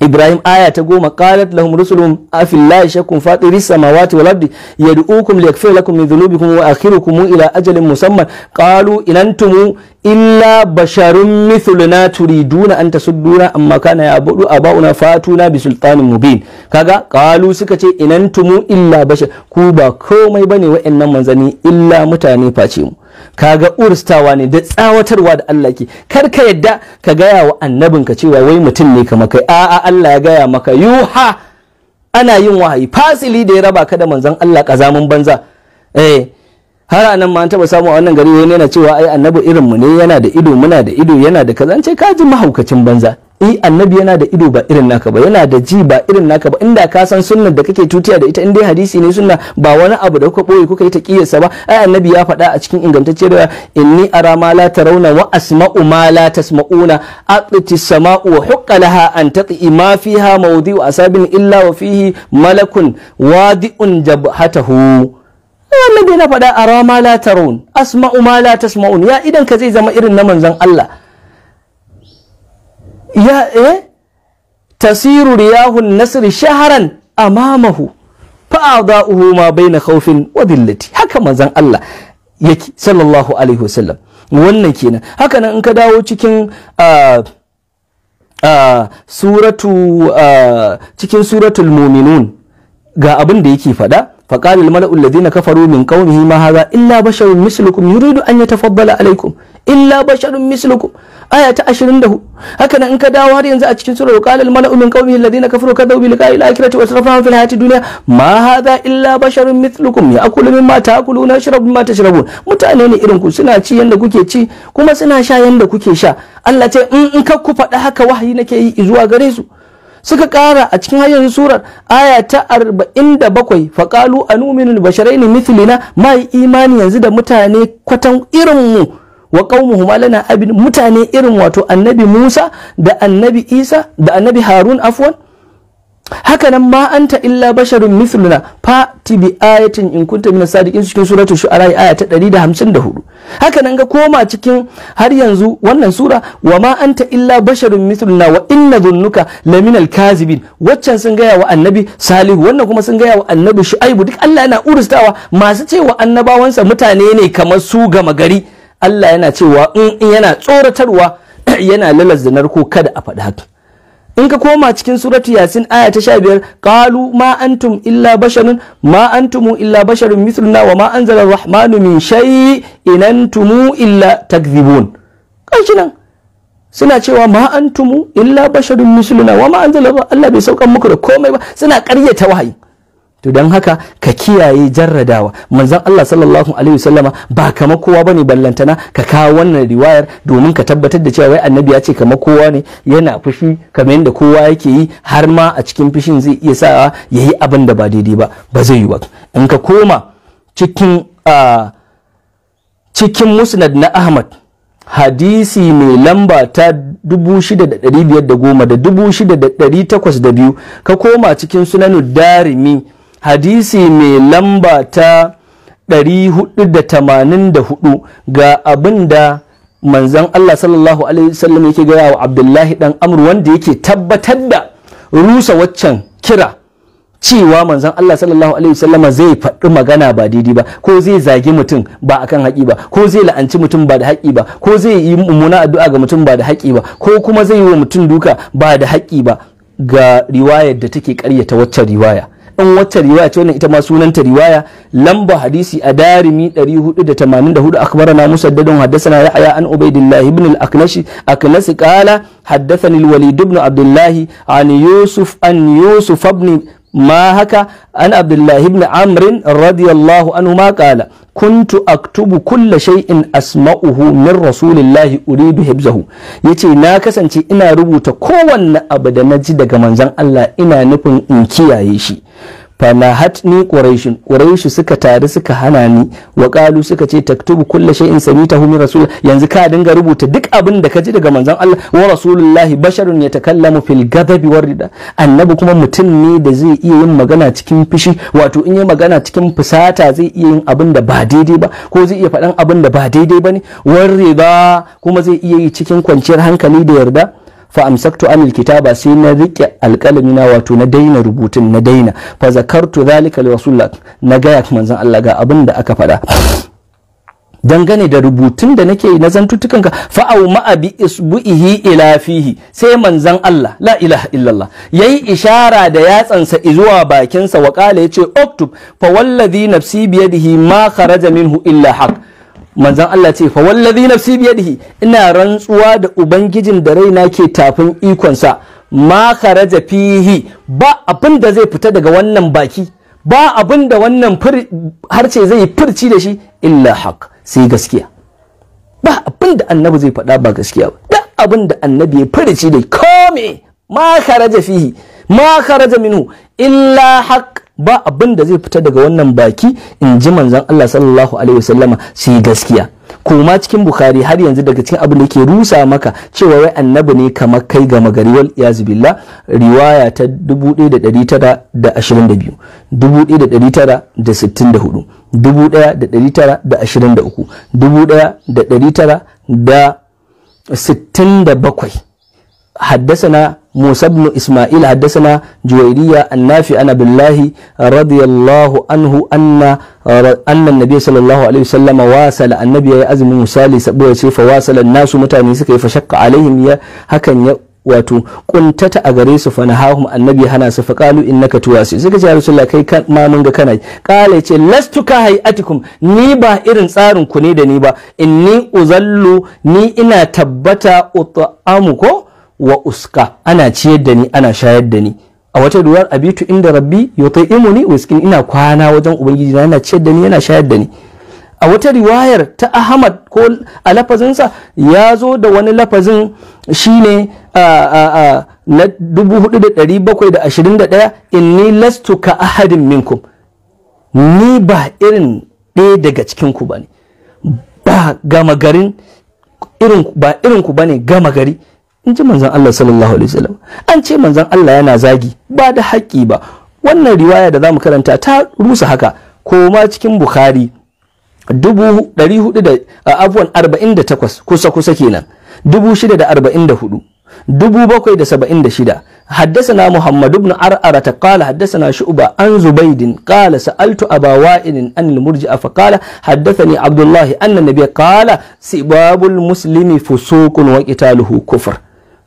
Ibrahim aya ta goma qalat lahum rusulum afillahi shakkun fatiri samawati wal ardi yad'ukum liyaghfir lakum min dhunubikum wa akhirukum ila ajalin musamman qalu inantum illa basharun mithluna turiduna an tasudduna amma kana ya'budu abauna fatuna bi sultanin mubin kaga qalu suka ce inantum illa bashar ku ba komai bane wa'annan manzani illa mutane face mu kaga urstawa ne da tsawatarwa da Allah ke kar ka yadda ka gaya wa annabin ka cewa wai mutum ne kama kai a Allah ya gaya maka yuha ana yin wahayi fasili da ya raba ka da manzon Allah kazamin banza eh har anan ma an taba samu a wannan gari wani yana cewa ai annabi irin mu ne yana da ido muna da ido yana da kazance ka ji mahaukacin banza eh annabi yana da ido ba irin naka ba yana da ji ba irin naka ba inda ka san sunnar da kake tutiya da ita in dai hadisi ne sunna ba wani abu da kuka boye kuka yi ta kiyarsa ba ai annabi ya faɗa a cikin ingantacciyar da inni ara ma la tarawna wa asma'u ma la tasma'una aqti sama'u wa huqqa laha an taqi ma fiha mawdi'u asabin illa wa fihi malakun wadi'un jabhatahu annabi yana faɗa ara ma la tarawun asma'u ma la tasma'un ya idan ka zai zama irin na manzon Allah ya e tasiru riyahun nasr shaharan amamahu fa'adha'uhu ma baina khawfin wa dillati haka manzon Allah yake sallallahu alaihi wasallam wannan kenan haka nan in ka dawo cikin ah, ah, suratu ah, cikin suratul muminun ga abin da yake faɗa فقال الملأ الذين كفروا من قومه ما هذا إلا بشر مثلكم يريد أن يتفضل عليكم إلا بشر مثلكم آية عشرين له هكذا إن كداوا هذه ينزل أتشكين سورة وقال الملأ من قومه الذين كفروا كذبوا بلقاء الآخرة وأسرفهم في الحياة الدنيا ما هذا إلا بشر مثلكم يأكل مما تأكلون يشرب مما تشربون متأنين إرنكو سنا شي يندكو كي شي كما سنا شا يندكو كي شا الله تي إن كوكو فتحك وحي نكي إزوا غريزو suka ƙara a cikin hanyar surar aya ta bakwai faƙalu a numinin basharaini mithlina mai imani yanzu da mutane kwatan irinmu wa qaumuhum lana abin mutane irin wato annabi Musa da annabi Isa da annabi Harun afwan hakanan ma anta illa basharun mithluna fa ti bi ayatin in kunta min sadiqin cikin suratul shu'ara aya ta 154 hakanan ga koma cikin har yanzu wannan sura wa ma anta illa basharun mithluna wa inna dhunnuka laminal kazibin waccan sun gaya wa annabi salihu wannan kuma sun gaya wa annabi shu'aibu duk Allah yana urustawa masu cewa annabawansa mutane ne kamar su gama gari Allah yana cewa in yana tsoratarwa yana lalas ko narko kada a faɗi haka in ka koma cikin suratu yasin aya ta sha biyar qalu ma antum illa basharun ma antumu illa basharun mithluna wa ma anzala rahmanu min shay in antumu illa takdhibun kashi nan suna cewa ma antumu illa basharun mithluna wa ma anzala Allah bai saukan muku da komai ba suna ta wahayi to don haka ka kiyaye jarradawa manzan Allah sallallahu alaihi wasallama ba kama kowa bane ballantana ka kawo wannan riwayar domin ka tabbatar da cewa wai annabi ya ce kama kowa ne yana fushi kamar yadda kowa yake yi har ma a cikin fushin zai iya sa ya yi abin da ba daidai ba ba zai yi ba in ka koma cikin cikin musnad na Ahmad hadisi mai lamba ta 6,510 da 6,802 ka koma cikin sunanu darimi hadisi mai lamba ta 484 ga abin da manzan Allah sallallahu alaihi wasallam yake gaya wa Abdullahi ɗan Amr wanda yake tabbatar da rusa waccan kira cewa manzan Allah sallallahu alaihi wasallama zai faɗi magana ba daidai ba ko zai zagi mutum ba akan haƙi ba ko zai la'anci mutum ba da haƙi ba ko zai yi mummuna addu'a ga mutum ba da haƙi ba ko kuma zai yi wa mutum duka ba da haƙi ba ga riwayar da take ƙaryata waccan riwaya in wata riwaya ce wannan ita ma sunan ta riwaya lamba hadisi a darimi 484 akhbarana musaddadun haddathana yahya an ubaidillah ibn al-aknashi aknasi qala haddathani al-walid ibn abdullah an yusuf an yusuf ibn ma haka an عبد الله بن radiyallahu رضي ma kuntu aktubu kulla shay'in asma'uhu min rasulillahi uridu hibzahu yace na kasance ina rubuta kowanne abu da naji daga manzon Allah ina nufin in kiyaye shi ni quraish quraish suka tare suka hana ni wa qalu suka ce taktubu kullu shay'in samitahu min rasul yanzu ka dinga rubuta duk abin da ka ji daga manzon Allah wa rasulullahi basharun yatakallamu fil ghadabi war rida annabi kuma mutum ne da zai iya yin magana cikin fishi wato in yi magana cikin fusata zai iya yin abin da ba daidai ba ko zai iya faɗan abin da ba daidai bane ne war rida kuma zai iya yi cikin kwanciyar hankali da yarda fa amsaktu anil kitaba sai na rike alkalami na wato na daina rubutun na daina fa zakartu zalika li rasulullah na gaya manzon Allah ga abin da aka faɗa dangane da rubutun da nake na zantutukan ka fa'au ma'a bi isbu'ihi ila fihi sai manzon Allah la ilaha illallah yayi ishara da yatsansa zuwa bakinsa wa qala yace oktub fa wallazi nafsi yadihi ma kharaja minhu illa haqq manzan Allah ce fa wallazi nafsi biyadihi ina rantsuwa da ubangijin da raina ke tafin ikonsa ma kharaja fihi ba abin da zai fita daga wannan baki ba abin da wannan harce zai furci da shi illa haq sai gaskiya ba abin da annabi zai faɗa ba gaskiya ba duk abin da annabi ya furci da kome ma kharaja fihi ma kharaja minhu illa haq ba abin da zai fita daga wannan baki in ji manzon Allah sallallahu alaihi wasallama sai gaskiya kuma cikin bukhari har yanzu daga cikin abin da ke rusa maka cewa wai annabi ne kamar kai ga magari wal iyazu billah riwaya ta 1922 1964 1923 1967 حدثنا موسى بن إسماعيل حدثنا جويرية النافع عن بالله رضي الله عنه أن أن النبي صلى الله عليه وسلم واصل النبي يا أزم موسى سيف واصل الناس متانيسك يفشق عليهم يا هكن wato kuntata a gare su fa annabi hana su fa qalu innaka tuwasi suka ce rasulullah kai kan ma mun ga kana qala ce lastu ka hayatikum ni ba irin tsarin ku ne da ni ba inni uzallu ni ina tabbata ut'amu ko wa uska ana ciyar da ni ana shayar da ni a wata duwar abitu inda rabbi yutai'imuni imuni wiskin ina kwana wajen ubangiji na yana ciyar da ni yana shayar da ni a wata riwayar ta ahmad ko a lafazinsa ya zo da wani lafazin shine a na 4721 inni lastu ka ahadin minku. ni ba irin ɗaya daga cikinku ba ne ba gama garin irin ba irin bane gama gari in ji manzon Allah sallallahu alaihi wasallam an ce manzon Allah yana zagi ba da haƙƙi ba wannan riwaya da zamu karanta ta rusa haka koma cikin bukhari dubu ɗari hudu da abuwan arba'in da takwas kusa kusa kenan dubu shida da arba'in da hudu dubu bakwai da saba'in da shida haddasana muhammadu ibn ar'ara ta kala haddasana shu'ba an zubaidin kala sa'altu aba wa'inin an murji a fakala haddasani abdullahi annan nabiya kala sibabul muslimi fusukun wa qitaluhu kufur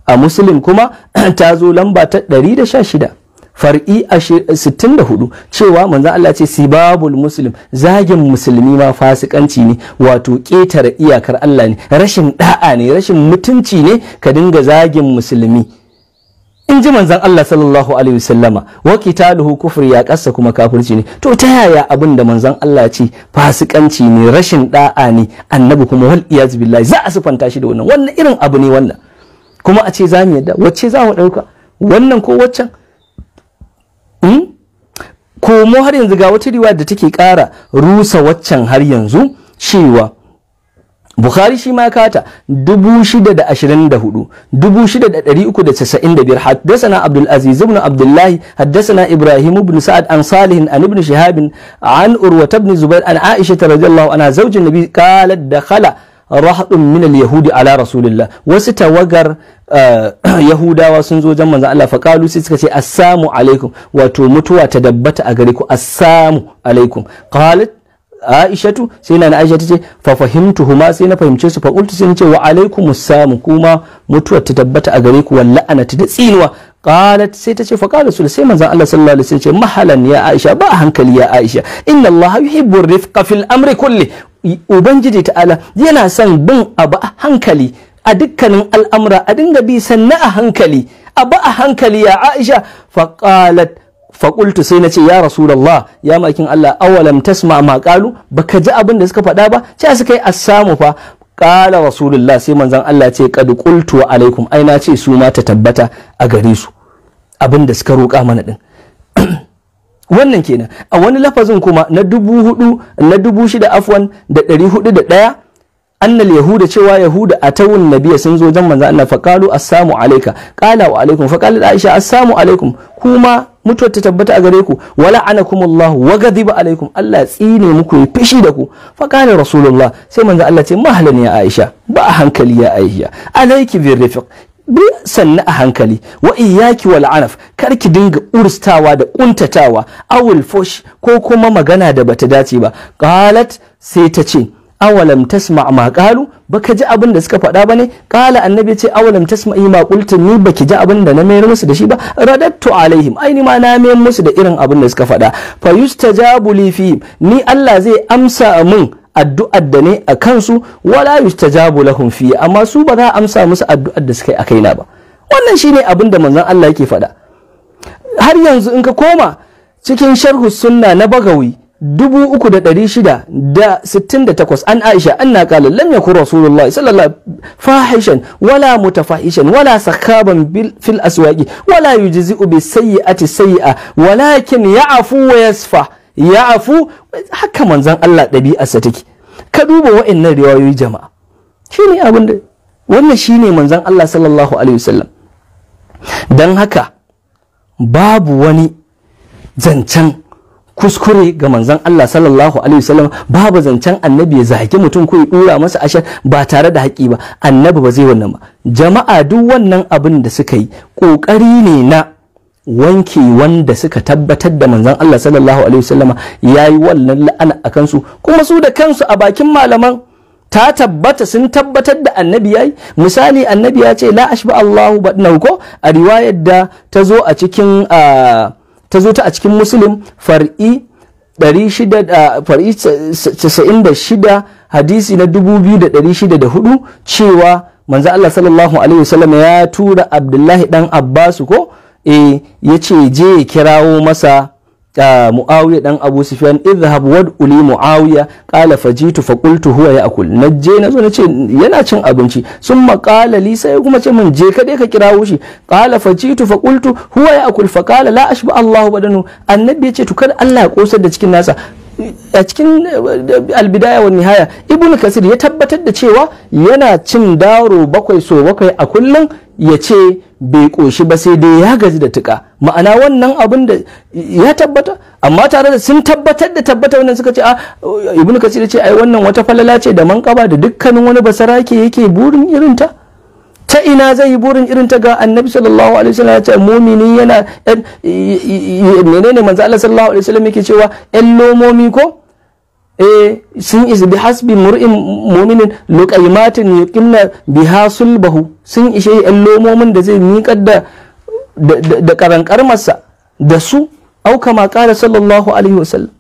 a muslim kuma ta zo lamba ta 116 far'i 64 cewa manzo Allah ce babu muslim zagin musulmi ma fasikanci ne wato ƙetare iyakar Allah ne rashin ɗa'a ne rashin mutunci ne ka dinga zagin musulmi in ji manzon Allah sallallahu alaihi wasallama wa qitaluhu kufri ya kasa kuma kafirci ne to ta yaya abin da manzon Allah ce fasikanci ne rashin ɗa'a ne annabi kuma wal iyaz billahi za a sifanta shi da wannan wannan irin abu ne wannan kuma a ce za mu yadda wacce za mu ɗauka wannan ko waccan hmm? komo har yanzu ga wata riwaya da take ƙara rusa waccan har yanzu cewa Bukhari shi ma kata dubu dubu shida shida da da da da ashirin hudu, ɗari uku 624 6395 haddathana Abdul Aziz ibn Abdullah haddathana Ibrahim ibn Sa'ad an Salihin an ibn Shihab an Urwa ibn Zubair an Aisha radhiyallahu anha zawjin Nabi qalat dakhala rahadun min al-yahudi ala rasulillah wasu tawagar eh, yahudawa sun zo wajen manzon Allah fa qalu sai suka ce assalamu alaikum wato mutuwa ta dabbata a gare ku assalamu alaikum qalat aishatu sai na aisha ta ce fa fahimtuhuma sai na fahimce su fa qultu sai ce wa alaikumus samu kuma mutuwa ta tabbata a gare ku wal la'anati da tsinuwa qalat sai ta ce fa qala sai manzon Allah sallallahu alaihi wasallam ce mahalan ya Aisha ba hankali ya Aisha inna Allah yuhibbu rifqa fil amri kulli ubangiji ta'ala yana son bin abu a hankali a dukkanin al'amura a dinga bi sanna a hankali abu a hankali ya Aisha fa qalat faƙultu sai na ce ya rasulallah ya makin Allah awalam tasma ma ƙalu baka ji abin da suka faɗa ba ce suka yi assamu fa Ƙala rasulullah sai manzan Allah ce qad qultu wa alaikum ai na ce su ma ta tabbata a gare su abin suka roƙa mana din wannan kenan a wani lafazin kuma na dubu hudu na dubu shida afwan da ɗari hudu da ɗaya annal yahuda cewa yahuda a tawun nabiya sun zo jan manzan Allah faqalu assalamu alayka qala wa alaikum faqalat aisha assalamu alaikum kuma mutuwar ta tabbata a gare ku wala anakumullahu wa gadiba alaikum Allah ya tsine muku ya fishi da ku fa kana rasulullah sai manzo Allah ce mahalan ya Aisha ba a hankali ya Aisha alayki bir rafiq bi sanna a hankali wa iyaki wal anaf kar ki dinga urstawa da kuntatawa awul fush ko kuma magana da bata dace ba qalat sai ta ce awalam tasma ma qalu baka ji abin da suka faɗa ba ne kala annabi ce awalam tasma'i ma ni baki ji abin da na mayar musu da shi ba radattu alaihim ai ma na mayar musu da irin abin da suka faɗa fa yustajabu li fi ni Allah zai amsa mun addu'ar da ne a kansu wala yustajabu lahum fi amma su ba za a amsa musu addu'ar da suka yi a na ba wannan shine abin da manzon Allah yake faɗa har yanzu in ka koma cikin sharhu sunna na bagawi Dubu uku da da da shida sittin takwas an aisha an na kala lam yakun rasulullahi sallallahu fahishan wala mutafahishan wala sakaban fil aswaki wala sayi bi sayyi'ati a walakin afu wa yasfa afu. haka manzan Allah ɗabi'arsa take ka duba wa'annan riwayoyi jama'a shine abin da wannan shine manzan Allah sallallahu alaihi wasallam dan haka babu wani zancen kuskure ga manzon Allah sallallahu alaihi wasallam babu zancen annabi ya zaki mutum ko ya dura masa ashar ba tare da haƙi ba annabi ba zai wannan ba jama'a duk wannan abin da suka yi ƙoƙari ne na wanke wanda suka tabbatar da manzon Allah sallallahu alaihi wasallam yayi wannan la'ana a kansu kuma su da kansu a bakin malaman ta tabbata sun tabbatar da annabi yayi misali annabi ya ce la ashba Allahu a riwayar da ta zo a cikin ah, ta zo ta a cikin muslim far'i 96 hadisi na 2604 cewa manzo Allah sallallahu alaihi wasallam ya tura Abdullahi dan abbasu ko eh yace je ya kirawo masa muawiya dan abu sufyan idhhab wad uli muawiya qala fajitu fa qultu huwa ya'kul naje nazo nace yana cin abinci summa qala li sai kuma ce mun je ka ka kirawo shi qala fajitu fa qultu huwa ya'kul fa qala la ashba Allahu badanu annabi yace to kada Allah ya kosar da cikin nasa a cikin albidaya wa nihaya ibnu kasir ya tabbatar da cewa yana cin daro bakwai so bakwai a kullum ya ce bai ƙoshi ba sai dai ya gaji da tuka ma'ana wannan abin da ya tabbata amma tare da sun tabbatar da tabbata wannan suka ce a ah, ibnu kasir ce ai wannan wata falala ce da manƙaba da dukkanin wani basarake yake burin irin ta Ta ina zai yi burin irin ta ga annabi sallallahu alaihi wasallam ya ce mumini yana menene manzo Allah sallallahu alaihi wasallam yake cewa ƴan lomomi ko eh sun isi bi hasbi mur'in mu'minin luqaymatin yuqimna biha sulbahu sun ishe yan lomomin da zai miƙar da da da su auka ma ƙara sallallahu alaihi wasallam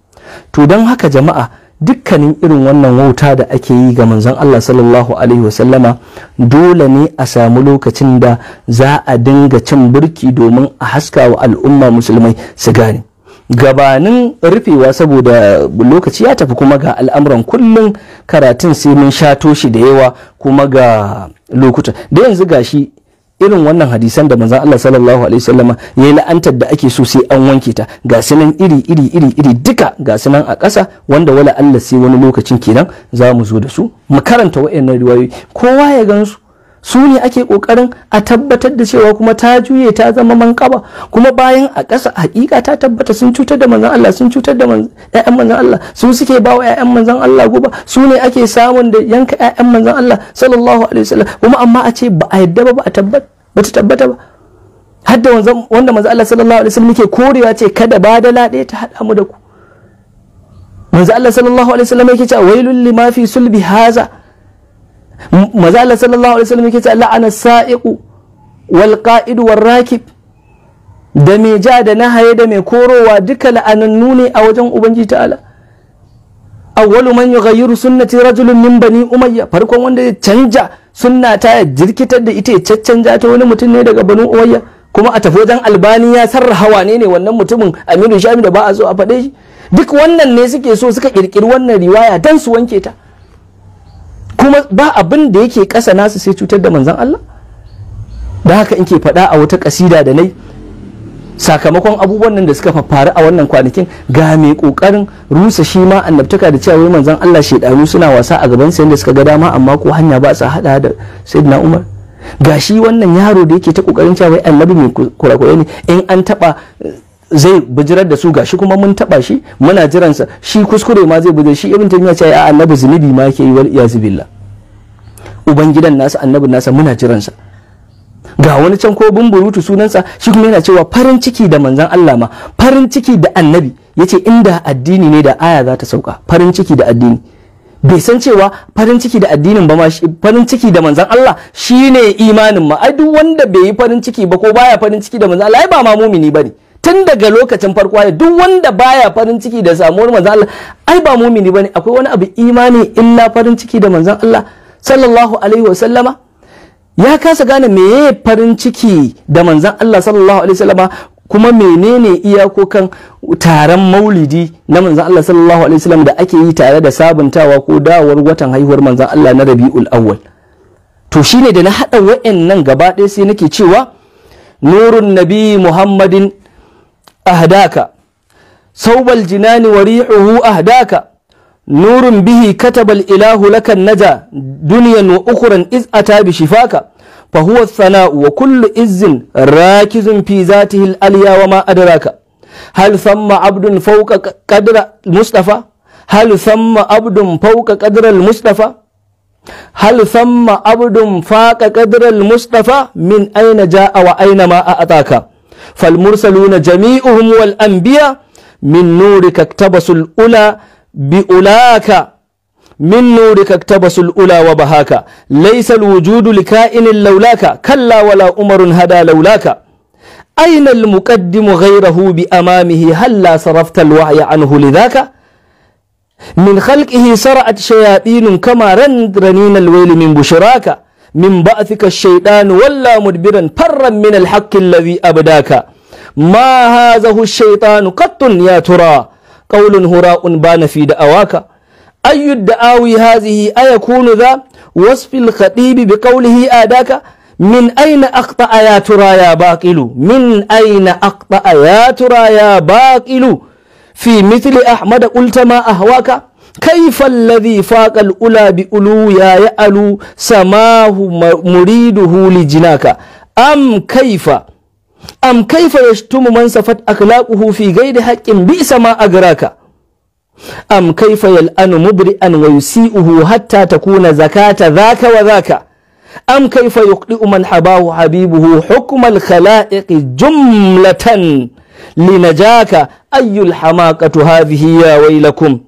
to don haka jama'a dukkanin irin wannan wauta da ake yi ga manzon Allah sallallahu alaihi wasallama dole ne a samu lokacin da za a dinga cin burki domin a haska wa al'umma musulmai su gane gabanin rufewa saboda lokaci ya tafi kuma ga al'amuran kullum karatun sai mun shato shi da yawa kuma ga lokuta da yanzu gashi irin wannan hadisan da manzon Allah sallallahu alaihi wasallama ya yi la'antar da ake so sai an wanke ta ga sunan iri iri iri iri duka ga sunan a ƙasa wanda wala Allah sai wani lokacin kenan za mu zo da su mu karanta waɗannan riwayoyi kowa ya gansu su ne ake kokarin a tabbatar da cewa kuma ta juye ta zama mankaba kuma bayan a ƙasa hakika ta tabbata sun cutar da manzon Allah sun cutar da ƴaƴan manzon Allah su suke ba wa ƴaƴan manzon Allah guba su ne ake samun da yanka ƴaƴan manzon Allah sallallahu alaihi wasallam kuma amma a ce ba a yadda ba ba a tabbata ba ta tabbata ba hadda wanda manzon Allah sallallahu alaihi wasallam yake korewa ce kada badala ɗaya ta haɗa mu da ku manzon Allah sallallahu alaihi wasallam yake cewa wailul fi sulbi haza maza Allah sallallahu alaihi wasallam yake ce la'ana sa'iqu wal qa'id war rakib da mai ja da na haye da mai korowa duka la'anannu ne a wajen ubangiji ta'ala awwalu man yughayyiru sunnati rajulun min bani umayya farkon wanda ya canja sunna ta ya jirkitar da ita ya caccanja ta wani mutum ne daga banu umayya kuma a tafi wajen albani ya sarrahawa ne ne wannan mutumin aminu shami da ba a so a faɗe shi duk wannan ne suke so suka kirkiri wannan riwaya dan su wanke ta kuma ba abin da yake ƙasa nasu sai cutar da manzan Allah da haka in ke faɗa a wata ƙasida da nai sakamakon abubuwan nan da suka faru a wannan kwanakin ga mai ƙoƙarin rusa shi ma annabtaka da cewa manzan Allah shaidanu suna wasa a gaban sayan da suka ga dama amma ko hanya ba sa hada da sayyidina Umar ga shi wannan yaro da yake ta ƙoƙarin cewa annabi mai kurakurai ne in an taɓa eh, zai bijirar da su gashi kuma mun taba shi muna jiransa shi kuskure ma zai bijir shi ibn ya ce a annabi zunubi ma yake yi wal iyazu billah ubangidan nasa annabin nasa muna jiran sa. ga wani can ko bumburutu sunansa shi kuma yana cewa farin ciki da manzan Allah ma farin ciki da annabi yace inda addini ne da aya za ta sauka farin ciki da addini bai san cewa farin ciki da addinin ba ma farin ciki da manzan Allah shine imanin ma ai duk wanda bai yi farin ciki ba ko baya farin ciki da manzan Allah ai ba ma mumini bane tun daga lokacin farko ya duk wanda baya farin ciki da samuwar manzan Allah ai ba mumini bane akwai wani abu imani illa farin ciki da manzan Allah sallallahu alaihi wasallama ya kasa gane meye farin ciki da manzan Allah sallallahu alaihi wasallama kuma menene iyakokan taron maulidi na manzan Allah sallallahu alaihi wasallam da ake yi tare da sabuntawa ko dawowar watan haihuwar manzan Allah na Rabiul Awwal to shine da na hada wa'annan gaba ɗaya sai nake cewa nurun nabi Muhammadin ahdaka saubal jinani wa rihuhu ahdaka نور به كتب الإله لك النجا دنيا وأخرى إذ أتى بشفاك فهو الثناء وكل إز راكز في ذاته الأليا وما أدراك هل ثم عبد فوق قدر المصطفى هل ثم عبد فوق قدر المصطفى هل ثم عبد فاق قدر المصطفى من أين جاء وأين ما أتاك فالمرسلون جميعهم والأنبياء من نورك اقتبسوا الأولى بأولاك من نورك اقتبس الأولى وبهاك ليس الوجود لكائن لولاك كلا ولا أمر هدى لولاك أين المقدم غيره بأمامه هلا صرفت الوعي عنه لذاك من خلقه سرعت شياطين كما رند رنين الويل من بشراك من بعثك الشيطان ولا مدبرا فرا من الحق الذي أبداك ما هذه الشيطان قط يا ترى قول هراء بان في دعواك أي الدعاوي هذه أيكون ذا وصف الخطيب بقوله آداك من أين أخطأ يا ترى يا باقل من أين أخطأ يا ترى يا باقل في مثل أحمد قلت ما أهواك كيف الذي فاق الأولى بألو يا يألو سماه مريده لجناك أم كيف am kaifa yashtumu man safat akhlaquhu fi ghairi haqqin bi'sa ma agraka am kaifa yal'anu mubri'an wa yusi'uhu hatta takuna zakata dhaka wa dhaka am kaifa yuqdi'u man habahu habibuhu hukm al-khala'iq jumlatan linajaka ayyul hamaqatu hadhihi ya waylakum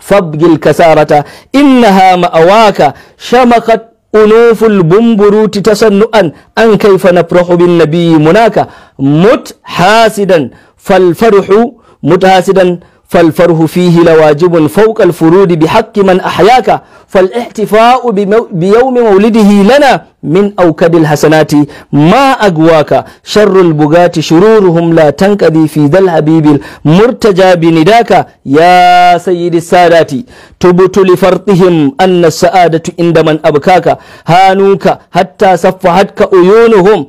fabgil kasarata innaha ma'awaka shamakat unuful bumburuti tasannu'an an kaifa nafrahu bin nabiyyi munaka mut hasidan fal farhu mutahasidan فالفرح فيه لواجب فوق الفروض بحق من أحياك فالاحتفاء بيوم مولده لنا من أوكد الحسنات ما أقواك شر البغاة شرورهم لا تنقضي في ذا الحبيب المرتجى بنداك يا سيد السادات تبت لفرطهم أن السعادة عند من أبكاك هانوك حتى صفحتك عيونهم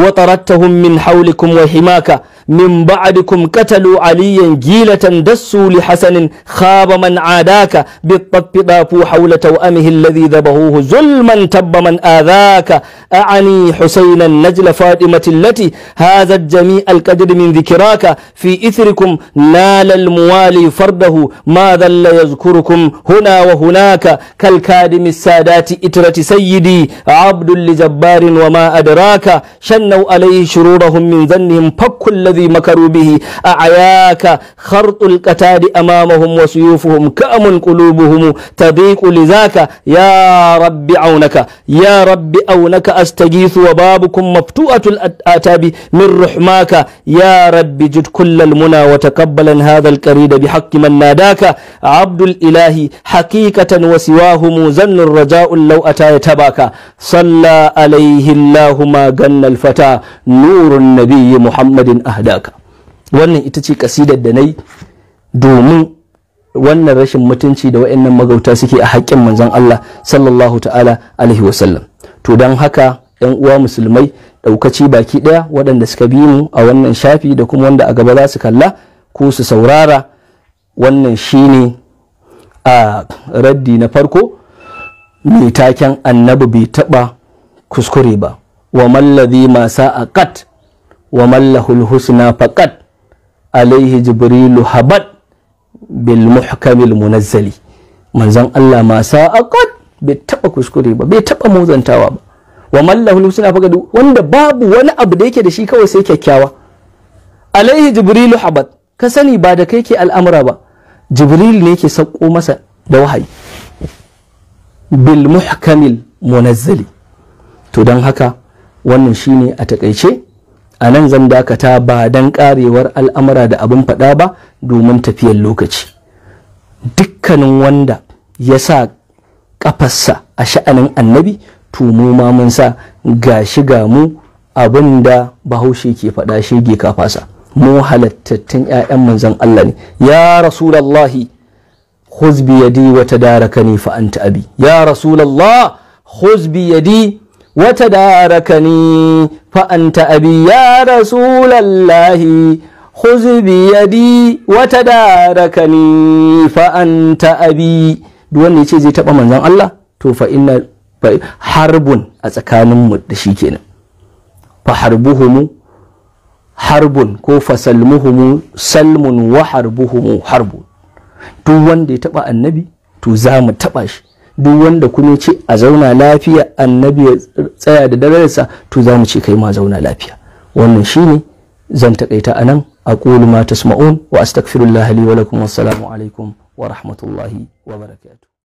وطردتهم من حولكم وحماك من بعدكم قتلوا عليا جيلة دسوا لحسن خاب من عاداك بالطب حول توأمه الذي ذبهوه ظلما تب من آذاك أعني حسين النجل فاطمة التي هذا الجميع القدر من ذكراك في إثركم نال الموالي فرده ما ذل يذكركم هنا وهناك كالكادم السادات إترة سيدي عبد لجبار وما أدراك شنوا عليه شرورهم من ذنهم فك الذي مكروا به أعياك خرط القتال أمامهم وسيوفهم كأم قلوبهم تضيق لذاك يا رب عونك يا رب عونك أستجيث وبابكم مفتوءة الآتاب من رحماك يا رب جد كل المنى وتقبلا هذا الكريد بحق من ناداك عبد الإله حقيقة وسواهم زن الرجاء لو أتى يتباك صلى عليه الله ما جن الفتى نور النبي محمد أهل hadaka wannan ita ce kasidar da na yi domin wannan rashin mutunci da waɗannan magauta suke a haƙƙin manzon Allah sallallahu ta'ala alaihi wasallam to don haka yan uwa musulmai ɗaukaci baki ɗaya waɗanda suka bi mu a wannan shafi da kuma wanda a gaba za su kalla ko su saurara wannan shine a raddi na farko mai taken annabi bai taɓa kuskure ba wa mallazi masa a kat wa mallahul husna faqat alaihi jibrilu habat bil muhkamil munazzali manzon Allah ma sa'aqat bai taba kuskure ba bai taba muzantawa ba wa mallahul husna faqat wanda babu wani abu da yake da shi kawai sai kyakkyawa alaihi jibrilu habat ka sani ba da kai ke al'amura ba jibril ne yake sauko masa da wahayi bil muhkamil munazzali to don haka wannan shine a takaice a nan zan dakata ba dan karewar al'amura da abin faɗa ba domin tafiyar lokaci dukkanin wanda ya sa ƙafarsa a sha'anin annabi to mu ma mun sa ga shi ga mu abin da bahaushe ke faɗa shege kafasa mu halattattun 'ya'yan manzon Allah ne ya rasulallahi khuz bi yadi wa tadarakani fa anta abi ya rasulallah, khuz bi yadi Wata daɗaka ni fa'an ya rasu lallahi huzubi yadi. Wata daɗaka ni fa'an ta'abi. To wanda ya zai taɓa manzon Allah, to fa'in na fa'i harbun a tsakaninmu da shi kenan. Fa harbuhu harbun. Ko fasalmuhu mu salmun wa harbuhu mu harbun. To wanda ya taɓa annabi, to za mu taɓa shi. duk wanda kuma ya ce a zauna lafiya annabi ya tsaya da dararsa to za mu ce kai ma zauna lafiya wannan shine zan takaita anan aqulu ma tasma'un wa astaghfirullah li wa lakum wassalamu alaikum wa rahmatullahi wa barakatuh